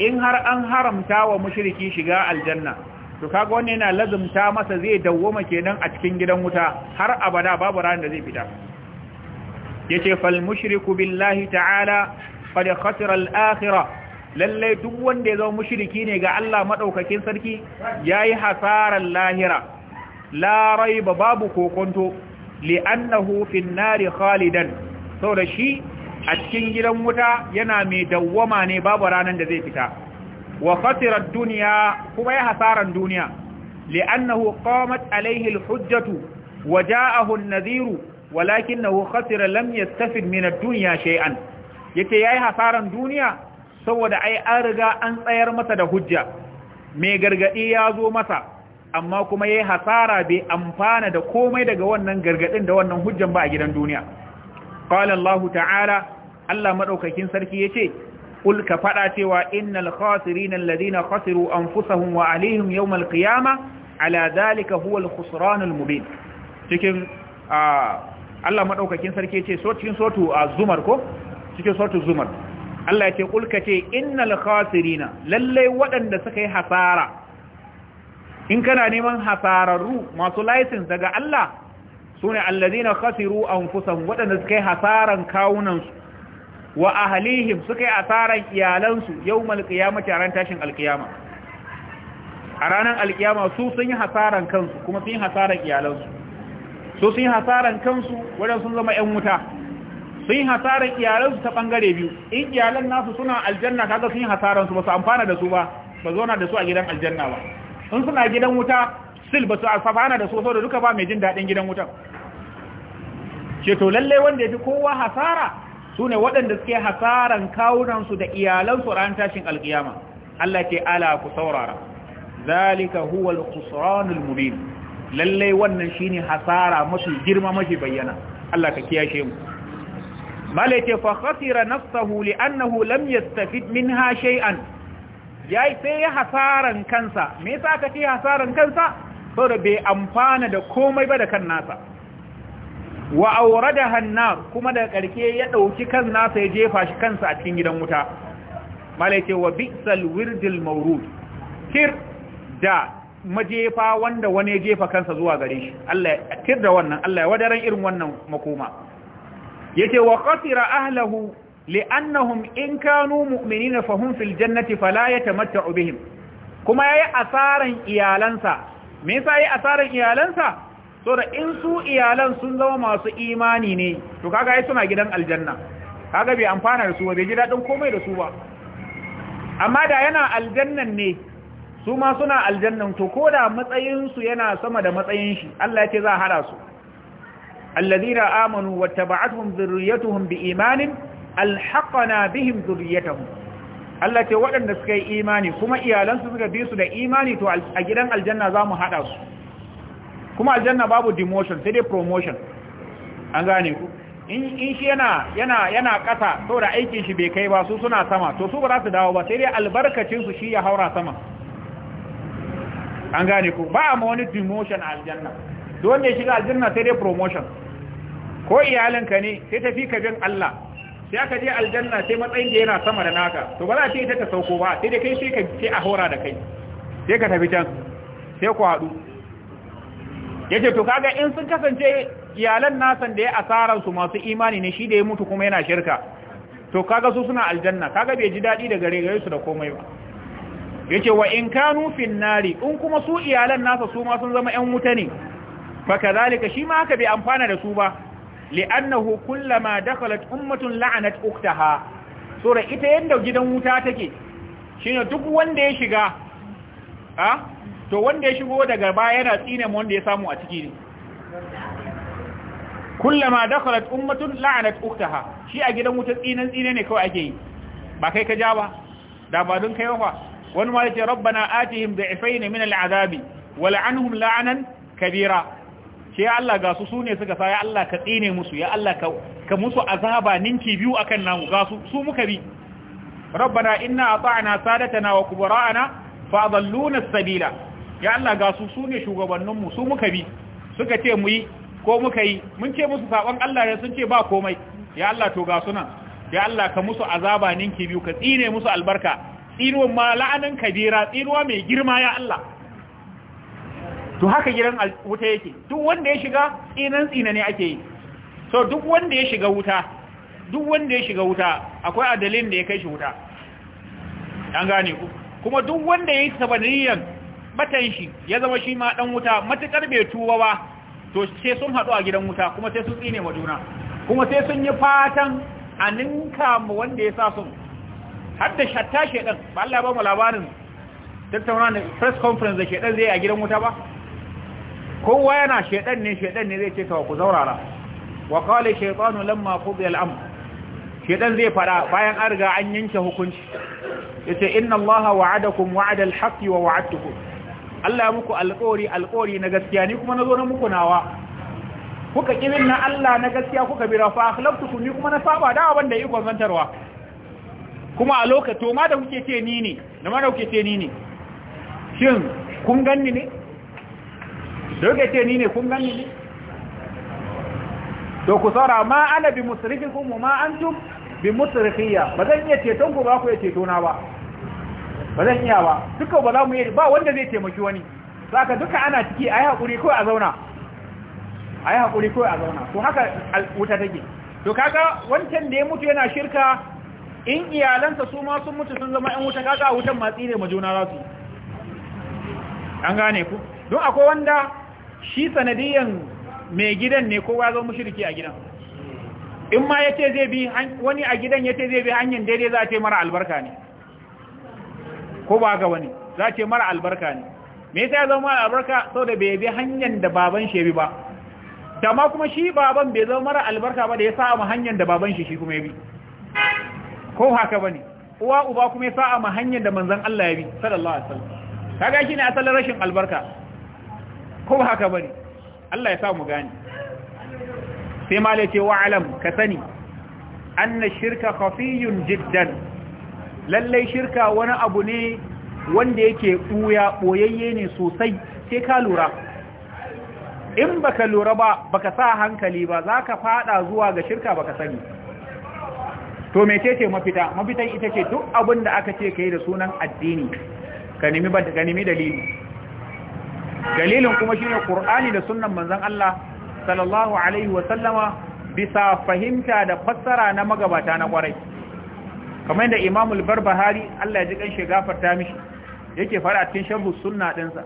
in har an haramta wa mushriki shiga aljanna to kaga wannan yana lazumta masa zai dawwama kenan a cikin gidan wuta har abada babu ranar da zai fita yace fal mushriku billahi ta'ala qad khasira al-akhirah lalle duk wanda ya zama mushriki ne ga Allah madaukakin sarki yayi hasaran lahira la raiba babu kokonto li'annahu fin nari khalidan saboda shi a cikin gidan wuta yana mai dawwama ne babu ranan da zai fita wa duniya. dunya kuma ya hasaran duniya li'annahu qamat alayhi al-hujjatu wa ja'ahu an-nadhiru walakinahu khasira lam yastafid min ad-dunya shay'an yace yayi hasaran duniya saboda ai an riga an tsayar masa da hujja mai gargadi ya zo masa amma kuma yayi hasara bai amfana da komai daga wannan gargadin da wannan hujjan ba a gidan duniya qala Allahu ta'ala Allah maɗaukakin sarki ya ce ka fada cewa innal khasirina alladhina khasiru anfusahum wa alaihim yawmal qiyamah ala dhalika huwa al mubin cikin ah, Allah maɗaukakin sarki ya ce cikin ah, zumar ko cikin sotu zumar Allah ya ce ƙulka ce innal khasirina lallai waɗanda suka yi hasara in kana neman hasararru masu license daga Allah su sune alladhina khasiru anfusahum waɗanda suka yi hasaran kawunan su wa ahlihim suka yi hasaran iyalan su yawmal qiyamati ran tashin alqiyama a ranar alqiyama su sun yi hasaran kansu kuma sun yi hasaran iyalan su su sun yi hasaran kansu wajen sun zama ƴan wuta sun yi hasarar iyalansu ta bangare biyu in iyalan nasu suna aljanna kaga sun yi hasaran su ba su amfana da su ba ba zauna da su a gidan aljanna ba in suna gidan wuta sil ba su amfana da su saboda duka ba mai jin daɗin gidan wutan ce to lalle wanda yafi kowa hasara sune waɗanda suke hasaran kawunansu da iyalansu ran tashin alkiyama Allah ke ala ku saurara zalika huwa al-khusranul mubin Lallai wannan shine hasara mafi girma mafi bayyana Allah ka kiyashe mu malaita fa khasira nafsahu li'annahu lam yastafid minha shay'an yayi sai ya hasaran kansa me yasa aka ce hasaran kansa da bai amfana da komai ba da kan nasa wa awradaha da kuma da karke ya dauki kan nasa ya jefa shi kansa a cikin gidan wuta malaita wa bi'sal wirdil mawrud kir da majefa wanda wani ya jefa kansa zuwa gare shi Allah ya da wannan Allah ya wadaran irin wannan makoma yace wa qasira ahlahu li'annahum in kanu mu'minina fahum fil jannati fala yatamatta'u bihim kuma yayi asaran iyalansa me yasa yayi asaran iyalansa so da in su iyalan sun zama masu imani ne to kaga ai suna gidan aljanna kaga bai amfana da su ba bai ji dadin komai da su ba amma da yana aljannan ne su ma suna aljannan to koda matsayin su yana sama da matsayin shi Allah ya ce za a hada su الذين آمنوا واتبعتهم ذريتهم بإيمان الحقنا بهم ذريتهم Allah ce waɗanda suka yi imani kuma iyalansu suka bi su da imani to a gidan aljanna za mu haɗa su kuma aljanna babu sai dai promotion an gane ku in shi yana yana yana ƙasa aikin shi bai kai ba su suna sama to su ba za su dawo ba sai dai albarkacin su shi ya haura sama an gane ku ba a ma wani demotion a aljanna don ya shiga aljanna sai dai promotion ko iyalinka ne sai ta fi ka bin Allah sai aka je aljanna sai matsayin da yana sama da naka to ba za ta yi ta ta sauko ba sai da kai sai ka ce a hora da kai sai ka tafi can sai ku haɗu yace to kaga in sun kasance iyalan nasan da ya asaran su masu imani ne shi da ya mutu kuma yana shirka to kaga su suna aljanna kaga bai ji daɗi daga gare gare su da komai ba yace wa in kanu nufin nari in kuma su iyalan nasa su ma sun zama yan wuta ne baka zalika shi ma haka bai amfana da su ba li'annahu kullama dakhalat ummatun la'anat uktaha sura ita yanda gidan wuta take shine duk wanda ya shiga a to wanda ya shigo daga baya yana tsine mu wanda ya samu a ciki ne kullama dakhalat ummatun la'anat uktaha shi a gidan wuta tsinan tsine ne kawai ake yi ba kai ka ja ba da ba don kai ba wani ma yace rabbana atihim da'ifaini min al'azabi wa la'anhum la'anan kabira ce ya Allah ga su su ne suka sa ya Allah ka tsine musu ya Allah ka musu azaba ninki biyu akan namu ga su su muka bi rabbana inna ata'na sadatana wa kubara'ana fa adalluna as-sabila ya Allah ga su su ne shugabannin mu su muka bi suka ce mu yi ko muka yi mun ce musu sabon Allah ne sun ce ba komai ya Allah to ga sunan ya Allah ka musu azaba ninki biyu ka tsine musu albarka tsinuwa ma la'anan kabira tsinuwa mai girma ya Allah to haka gidan wuta yake duk wanda ya shiga tsinan tsina ne ake yi so duk wanda ya shiga wuta duk wanda ya shiga wuta akwai adalin da ya kai shi wuta an gane ku kuma duk wanda ya yi sabaniyan batan shi ya zama shi ma dan wuta matukar bai tuba ba to sai sun haɗu a gidan wuta kuma sai sun tsine wa juna kuma sai sun yi fatan a ninka mu wanda ya sa sun har da shatta shedan ba Allah ya ba mu labarin tattauna da press conference da shedan zai a gidan wuta ba kowa yana shaidan ne shaidan ne zai ce ka ku zaurara wa qala shaytanu lamma qudiya al-amr shedan zai fada bayan an riga an yanke hukunci yace inna allaha wa'adakum wa'ada al wa wa'adtukum Allah muku alƙori alƙori na gaskiya ni kuma na zo na muku nawa kuka kirin na Allah na gaskiya kuka bira fa akhlaftukum ni kuma na saba da abin da iko zantarwa kuma a lokacin ma da kuke ce ni ne da ma da kuke ce ni ne shin kun ganni ne don ce ni ne kun gani ne to ku tsara ma ana bi musrifikum ma antum bi musrifiya ba zan iya ceton ku ba ku iya ceto na ba ba zan iya ba duka ba za mu yi ba wanda zai taimaki wani saka duka ana ciki yi hakuri ko a zauna yi hakuri ko a zauna to haka wuta take to kaga wancan da ya mutu yana shirka in iyalansa su ma sun mutu sun zama ƴan wuta kaga a wutan matsi ne juna za su an gane ku don akwai wanda shi sanadiyan mai gidan ne kowa zo mushriki a gidan in ma yace zai bi wani a gidan yace zai bi hanyar daidai za ce mara albarka ne ko ba ga wani za a ce mara albarka ne me yasa ya zama mara albarka saboda bai bi hanyar da baban shi bi ba dama kuma shi baban bai zama mara albarka ba da ya sa hanyar da baban shi shi kuma ya bi ko haka bane uwa uba kuma ya sa hanyar da manzon Allah ya bi sallallahu alaihi wasallam kaga shine asalin rashin albarka ko ba haka bari Allah ya sa mu gani sai malai ce wa alam ka sani anna shirka khafiyun jiddan lalle shirka wani abu ne wanda yake ɓuya boyayye ne sosai sai ka lura in baka lura ba baka sa hankali ba zaka fada zuwa ga shirka baka sani to mecece mafita mafitan ita ce duk abin da aka ce kai da sunan addini ka nemi dalili dalilin kuma shine qur'ani da sunnan manzon Allah sallallahu alaihi wa sallama bisa fahimta da fassara na magabata na kwarai kamar da Imam al-Barbahari Allah ya ji kanshi gafarta mishi yake fara a cikin sharh sunna dinsa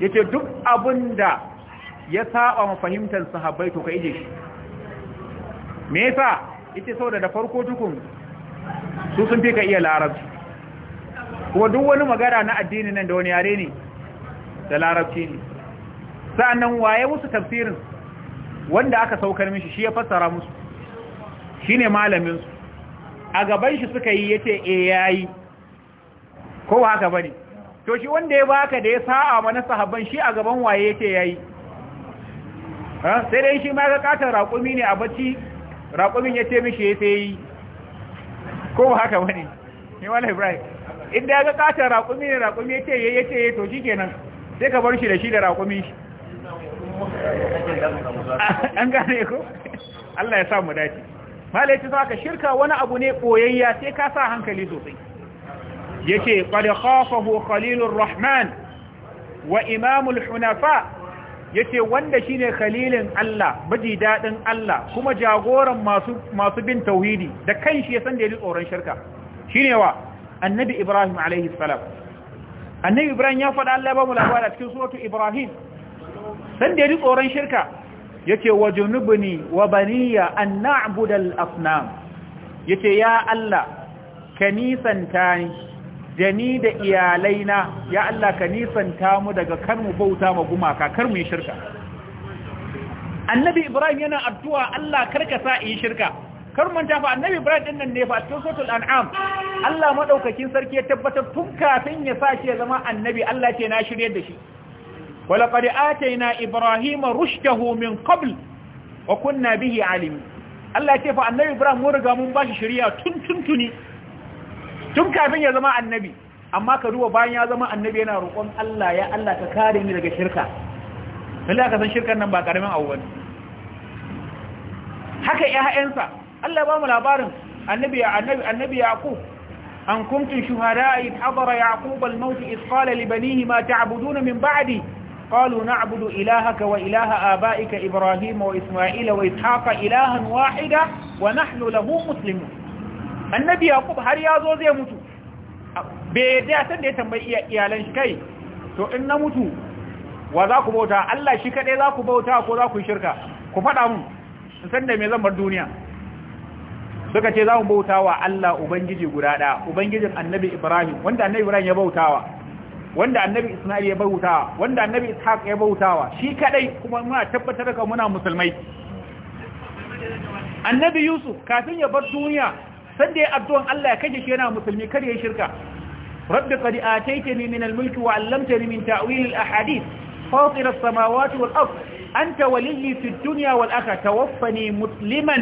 yace duk abinda ya saba ma fahimtar sahabbai to kai je shi me yasa yace saboda da farko tukun su sun fi ka iya larabci kuma duk wani magana na addini nan da wani yare ne da larabci ne sa'annan waye musu tafsirin wanda aka saukar mishi shi ya fassara musu shine malamin su a gaban shi suka yi yace eh yayi ko haka bane to shi wanda ya baka da ya sa'a mana sahabban shi a gaban waye yace yayi ha sai dai shi ma ga katar raƙumi ne a bacci raƙumin yace mishi yace yi ko haka bane ne wallahi ibrahim inda ya ga katar raƙumi ne raƙumi yace yayi yace to shikenan sai ka bar shi da shi da raƙumi an gane Allah ya samu dace malai ta shirka wani abu ne ɓoyayya sai ka sa hankali sosai yace qad khafahu Khalilun rahman wa imamul hunafa yace wanda shine khalilin Allah baji daɗin Allah kuma jagoran masu bin tauhidi da kanshi ya san da yi tsoron shirka shine wa annabi ibrahim alaihi annabi ibrahim ya faɗa Allah ba mu labara a cikin suratu ibrahim san da ji tsoron shirka yace wajnubni wa baniya an na'budu al-asnam yace ya Allah kanisan nisanta ni da ni da iyalaina ya Allah kanisan ta mu daga kar mu bauta ma gumaka kar mu yi shirka annabi ibrahim yana addu'a Allah karka sa yi shirka kar manta fa annabi Ibrahim din nan ne fa cikin suratul an'am Allah madaukakin sarki ya tabbatar tun kafin ya sa shi ya zama annabi Allah ce na shirye da shi walaqad atayna ibrahima rushdahu min qabl wa kunna bihi alim Allah ce fa annabi Ibrahim mun riga mun bashi shari'a tun tuntuni tun kafin ya zama annabi amma ka duba bayan ya zama annabi yana roƙon Allah ya Allah ka kare ni daga shirka Allah ka san shirkan nan ba karamin abu bane haka ƴaƴansa Allah ba mu labarin annabi annabi annabi yaqub an kuntum shuhada'a id hadara yaqub al-maut id qala li banihi ma ta'buduna wa ilaha aba'ika ibrahim wa isma'ila wa ithaqa ilahan wahida wa nahnu lahu muslimun annabi yaqub har yazo zai mutu bai da san ya tambayi iyalan kai to in na mutu wa za ku bauta Allah shi kadai za ku bauta ko za ku shirka ku faɗa mun san da me zan bar duniya suka ce za mu bautawa Allah ubangiji guda ɗaya ubangijin annabi Ibrahim wanda annabi Ibrahim ya bautawa wanda annabi Isma'il ya bautawa wanda annabi Ishaq ya bautawa shi kadai kuma muna tabbatar ka muna musulmai annabi Yusuf kafin ya bar duniya san da ya addu'a Allah ya kaje shi musulmi kar ya shirka رب قد آتيتني من الملك وعلمتني من تأويل الأحاديث فاطر السماوات والأرض أنت ولي في الدنيا والآخرة توفني مسلما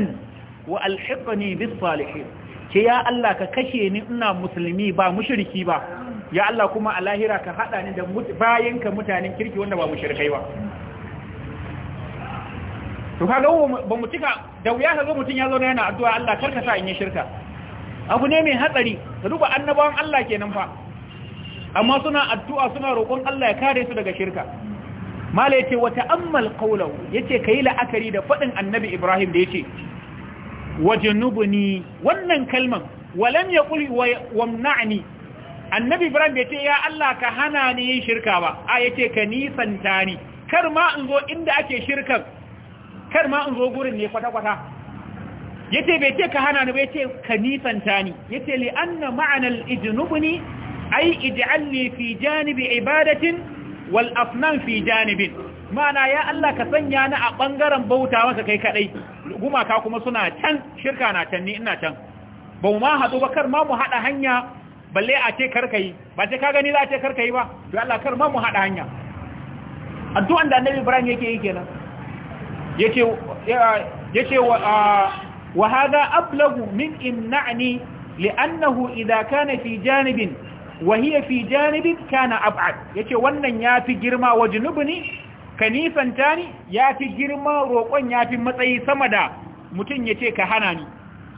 wa alhiqni bis salihin ke ya Allah ka kashe ni ina musulmi ba mushriki ba ya Allah kuma a lahira ka hada ni da bayan ka mutanen kirki wanda ba mushrikai ba to kaga ba mu cika da wuya zo mutun ya zo na yana addu'a Allah karka sa in yi shirka abu ne mai hatsari ka duba annabawan Allah kenan fa amma suna addu'a suna roƙon Allah ya kare su daga shirka mala yace wa ta'ammal qawlahu yace yi la'akari da fadin annabi Ibrahim da yace wajnubni wannan kalman walam ya yaqul wamna'ni annabi ibrahim bai ce ya Allah ka hana ni yin shirka ba a yace ka nisanta ni kar ma in zo inda ake shirkan kar ma in zo gurin ne kwata kwata yace bai ce ka hana ni ba ce ka nisanta ni yace li anna ma'ana al ijnubni ay ij'alni fi janibi ibadatin Wal'afnan fi janibin mana ya Allah ka sanya ni a ɓangaren bauta maka kai kaɗai. gumaka kuma suna can shirka na can ni ina can ba mu ma haɗu ba kar ma mu haɗa hanya balle a ce karkayi ba ce ka gani za a ce karkayi ba Ya Allah kar ma mu haɗa hanya addu'an da Annabi Ibrahim yake yi kenan yace yace wa hada ablagu min imna'ni li'annahu idha kana fi janibin wahiya fi janibin kana ab'ad yace wannan yafi girma wa ni, ka nisanta ni yafi girma roƙon yafi matsayi sama da mutum yace ka hana ni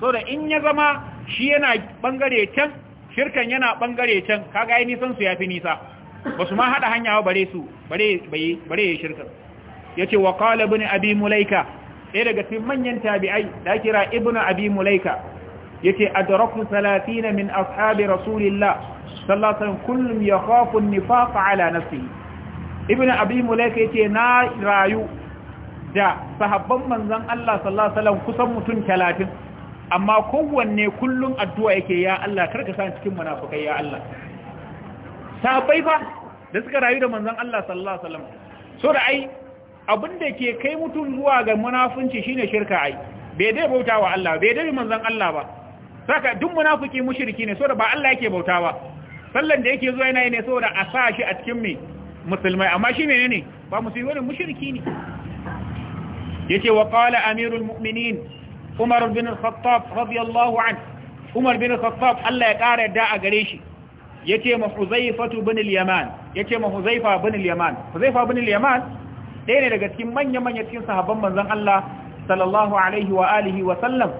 so da in ya zama shi yana bangare can shirkan yana bangare can kaga ai nisan su yafi nisa basu ma hada hanya bare su bare bare bare shirkan yace wa qala ibn abi mulaika sai daga cikin manyan tabi'ai da kira ibnu abi mulaika yace adraku 30 min ashabi rasulillah sallallahu alaihi wasallam kullum yakhafu an-nifaq ala nafsihi ibn abi mulaika yace na rayu da sahabban manzon Allah sallallahu alaihi wasallam kusan mutum 30 amma kowanne kullum addu'a yake ya Allah karka sa cikin munafikai ya Allah sahabbai fa da suka rayu da manzon Allah sallallahu alaihi so da ai abinda ke kai mutun zuwa ga munafunci shine shirka ai bai dai bautawa Allah bai dai manzon Allah ba saka duk munafiki mushriki ne so da ba Allah yake bautawa. sallan da yake zuwa yana ne saboda a sa shi a cikin mai musulmai amma shi ne ne ba musulmi ne mushriki ne yace wa amirul mu'minin umar bin khattab radiyallahu anhu umar bin khattab Allah ya kara yadda a gare shi yace ma huzaifa bin al-yaman yace ma huzaifa bin yaman huzaifa bin yaman ɗaya ne daga cikin manya manya cikin sahabban manzon Allah sallallahu alaihi wa alihi wa sallam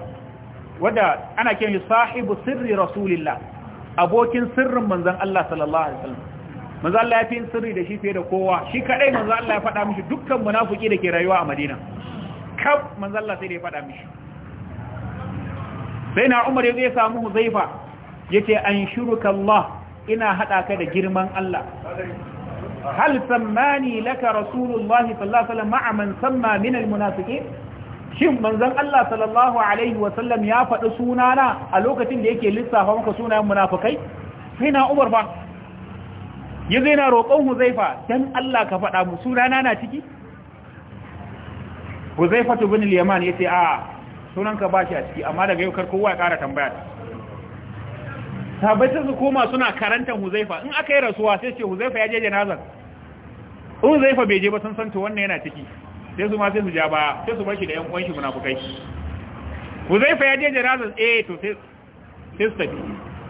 wadda ana kiran sahibu sirri rasulillah abokin sirrin manzan Allah sallallahu alaihi wasallam manzon Allah ya fi sirri da shi fiye da kowa shi kadai manzan Allah ya faɗa mishi dukkan munafiki da ke rayuwa a Madina kaf manzan Allah sai da ya faɗa mishi sai na Umar ya samu Huzaifa yace an shuruka Allah ina hada ka da girman Allah hal sammani laka rasulullahi sallallahu alaihi wasallam ma'a man samma min almunafiqin shin manzon Allah sallallahu alaihi wa sallam ya faɗi sunana a lokacin da yake lissafa maka sunayen munafikai sai na Umar ba ya zai na roƙon Huzaifa dan Allah ka faɗa mu sunana na ciki Huzaifa bin al-Yaman yace a sunanka ba shi a ciki amma daga yau kar kowa ya ƙara tambaya tabbatar su koma suna karantar Huzaifa in aka yi rasuwa sai ce Huzaifa ya je janazar Huzaifa bai je ba sun san to wannan yana ciki sai su ma sai su ja baya sai su bar shi da yan uwan shi munafukai Huzaifa ya je janazar eh to sai sai su tafi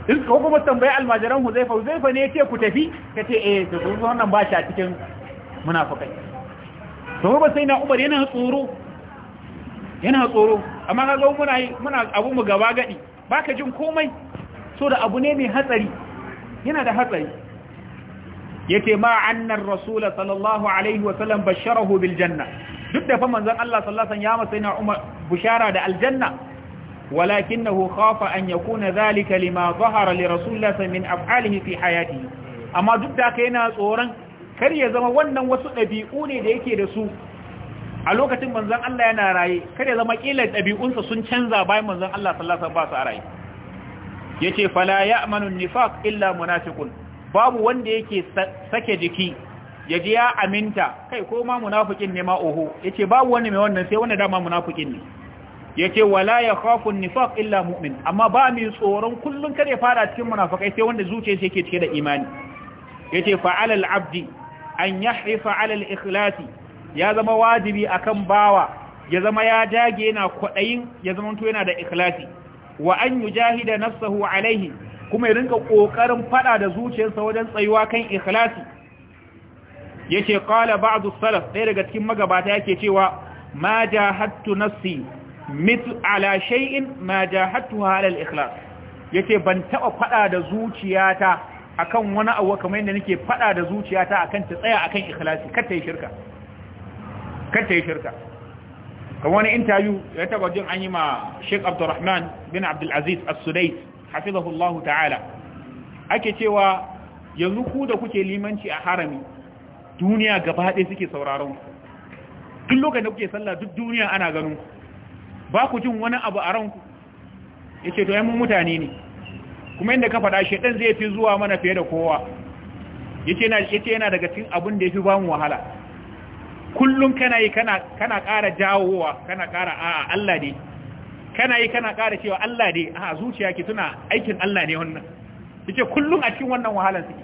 in ko kuma tambayi almajiran Huzaifa Huzaifa ne yace ku tafi kace eh to su wannan ba shi a cikin munafukai to ba sai na Umar yana tsoro yana tsoro amma kaga muna muna abu mu gaba gadi baka jin komai so da abu ne mai hatsari yana da hatsari yake ma annar rasul sallallahu alaihi wa sallam basharahu bil janna duk da fa manzon Allah sallallahu alaihi wasallam ya masa na Umar bushara da aljanna walakinahu khafa an yakuna zalika lima zahara li rasulillahi min af'alihi fi hayatihi amma duk da kai yana tsoron kar ya zama wannan wasu dabi'u ne da yake da su a lokacin manzon Allah yana raye kar ya zama kila ɗabi'unsa sun canza bayan manzon Allah sallallahu alaihi wasallam ba su a raye yace fala ya'manu an-nifaq illa munafiqun babu wanda yake sake jiki ya ji ya aminta kai ko ma munafikin ne ma oho yace babu wani mai wannan sai wanda dama munafikin ne yace wala ya khafun nifaq illa mu'min amma ba mai tsoron kullun kare fara cikin munafikai sai wanda zuciyarsa yake cike da imani yace fa alal abdi an yahrifa alal ikhlasi ya zama wajibi akan bawa ya zama ya dage yana kwadayin ya zama to yana da ikhlasi wa an yujahida nafsuhu alaihi kuma ya rinka kokarin fada da zuciyarsa wajen tsayuwa kan ikhlasi yace qala ba'du salaf ɗaya daga cikin magabata yake cewa ma jahattu nafsi mithl ala shay'in ma jahattu ala al-ikhlas yace ban taba fada da zuciyata akan wani abu kamar yadda nake fada da zuciyata akan ta tsaya akan ikhlasi kar ta yi shirka kar ta yi shirka kan wani interview ya taba jin an yi ma Sheikh Abdulrahman bin Abdul Aziz As-Sudais hafizahullahu ta'ala ake cewa yanzu ku da kuke limanci a harami duniya gaba haɗe suke sauraron ku. duk lokacin da kuke sallah duk duniya ana ganin ba ku jin wani abu a ranku ce to ai mun mutane ne kuma inda ka faɗa shedan zai fi zuwa mana fiye da kowa Ya ce yana daga cikin abin da yafi ba mu wahala kullum kana yi kana kana ƙara jawowa kana ƙara a'a Allah ne kana yi kana ƙara cewa Allah ne a zuciya ki tuna aikin Allah ne wannan ce kullum a cikin wannan wahalan suke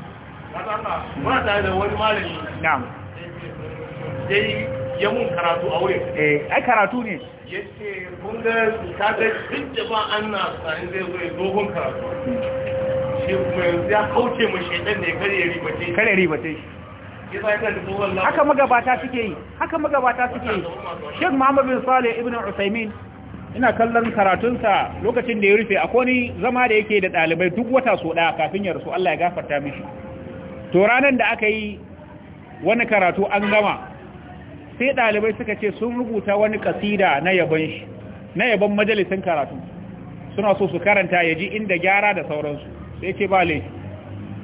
ba tare da wani malami na'am dai ya mun karatu a wurin eh ai karatu ne yace kun ga ka ga duk da ba an na sanin zai zo dogon karatu shi kuma ya kauce mu shedan ne kare ribace kare ribace haka magabata suke yi haka magabata suke yi Sheikh Muhammad bin Saleh ibn Usaimin ina kallon karatunsa lokacin da ya rufe akwai zama da yake da ɗalibai duk wata so ɗaya kafin ya rasu Allah ya gafarta mishi to ranar da aka yi wani karatu an gama sai ɗalibai suka ce sun rubuta wani kasida na yaban shi na yaban majalisin karatu suna so su karanta ya ji inda gyara da sauransu sai ce ba laifi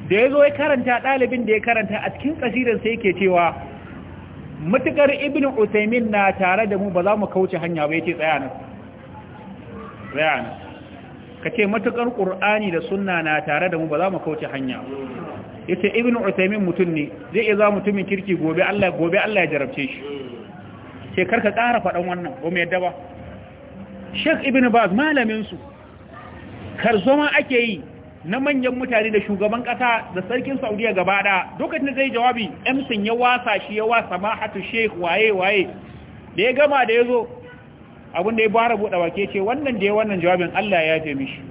da ya zo ya karanta ɗalibin da ya karanta a cikin kasidan sai ke cewa matukar ibn usaimin na tare da mu ba za mu kauce hanya ba ya ce tsaya nan ka ce matukar ƙur'ani da sunna na tare da mu ba za mu kauce hanya yace ibnu utaymin mutun ne zai iya zama mutumin kirki gobe Allah gobe Allah ya jarabce shi karka ƙara faɗan wannan ko me yadda ba Sheikh Ibn Baz malamin su karzoma ake yi na manyan mutane da shugaban kasa da sarkin Saudiya gaba da lokacin da zai jawabi emsin ya wasa shi ya wasa mahatu Sheikh waye waye da ya gama da yazo abin da ya bara bude wake ce wannan da ya wannan jawabin Allah ya yafe mishi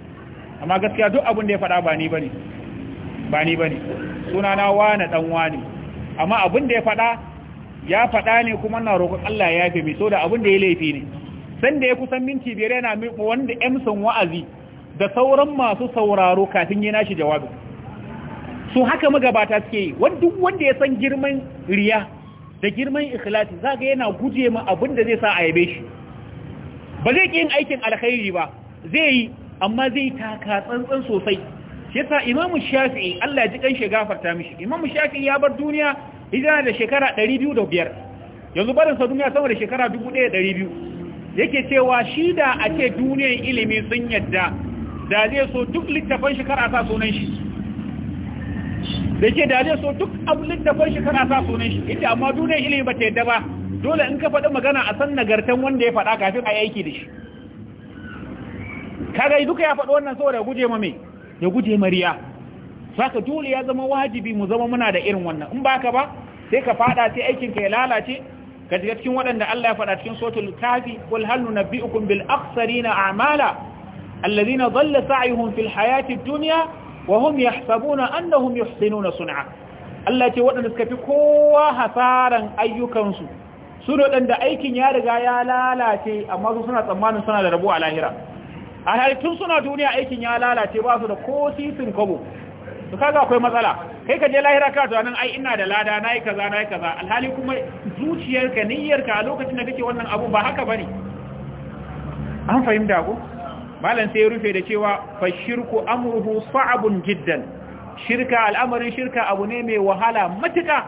amma gaskiya duk abin da ya faɗa ba ni bane ba ni bane na wani dan wane amma abin da ya faɗa ya faɗa ne kuma na roƙon Allah ya yafe mai so da abin da ya laifi ne san da ya kusan minti biyar yana wanda emson wa'azi da sauran masu sauraro kafin yana shi jawabin su haka magabata suke yi wanda wanda ya san girman riya da girman ikhlasi ga yana guje ma abin da zai sa a yabe shi ba zai ƙi yin aikin alkhairi ba zai yi amma zai taka tsantsan sosai yasa Imam Shafi'i Allah ya ji kan shi gafarta mishi Imam Shafi'i ya bar duniya hijira da shekara 205 yanzu barin sa duniya sama da shekara 1200 yake cewa shi da ake duniyar ilimi sun yadda da zai so duk littafin shekara ta sunan shi da ke da zai so duk abu littafin shekara ta sunan shi inda amma duniyar ilimi ba ta yadda ba dole in ka faɗi magana a san nagartan wanda ya faɗa kafin a yi aiki da shi kaga duka ya faɗi wannan saboda guje ma me ya guje mariya saka dole ya zama wajibi mu zama muna da irin wannan in baka ba sai ka fada sai aikin ka ya lalace ka shiga cikin waɗanda Allah ya faɗa cikin suratul kafi wal hal nunabbi'ukum bil akhsarina a'mala alladhina dhalla sa'yuhum fil hayati dunya wa hum yahsabuna annahum yuhsinuna sun'a Allah ce waɗanda suka fi kowa hasaran ayyukansu su waɗanda aikin ya riga ya lalace amma su suna tsammanin suna da rabo a lahira a halittun suna duniya aikin ya lalace ba su da ko sisin kwabo su kaga akwai matsala kai ka je lahira ka tunanin ai ina da lada na yi kaza na yi kaza alhali kuma zuciyarka niyyarka a lokacin da kake wannan abu ba haka bane an fahimta ko malam sai ya rufe da cewa fa shirku amruhu sa'abun jiddan shirka al'amarin shirka abu ne mai wahala matuka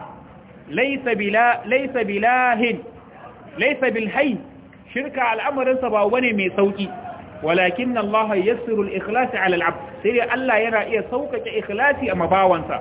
laysa bila laysa bilahin laysa bilhay shirka al'amarin sa ba wani mai sauki walakin Allah yassiru al-ikhlas ala al-abd sai dai Allah yana iya sauƙaƙe ikhlasi a mabawansa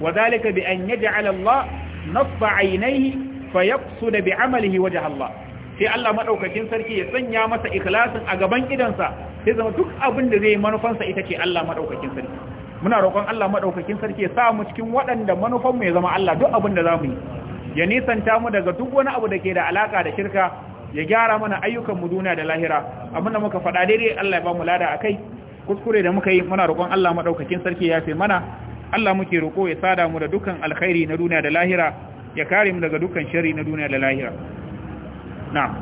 wa zalika bi an yaj'ala Allah nasba aynayhi fa yaqsuda bi 'amalihi wajha Allah sai Allah madaukakin sarki ya sanya masa ikhlasin a gaban idansa sai zama duk abin da zai manufansa ita ce Allah madaukakin sarki muna roƙon Allah madaukakin sarki ya sa mu cikin waɗanda manufan mu ya zama Allah duk abin da zamu yi ya nisanta mu daga duk wani abu da ke da alaka da shirka ya gyara mana ayyukanmu duniya da lahira abin da muka faɗa daidai Allah ya ba mu lada kai. kuskure da muka yi muna roƙon Allah maɗaukakin sarki ya fi mana Allah muke roƙo ya sada mu da dukan alkhairi na duniya da lahira ya kare mu daga dukkan shari na duniya da lahira na'am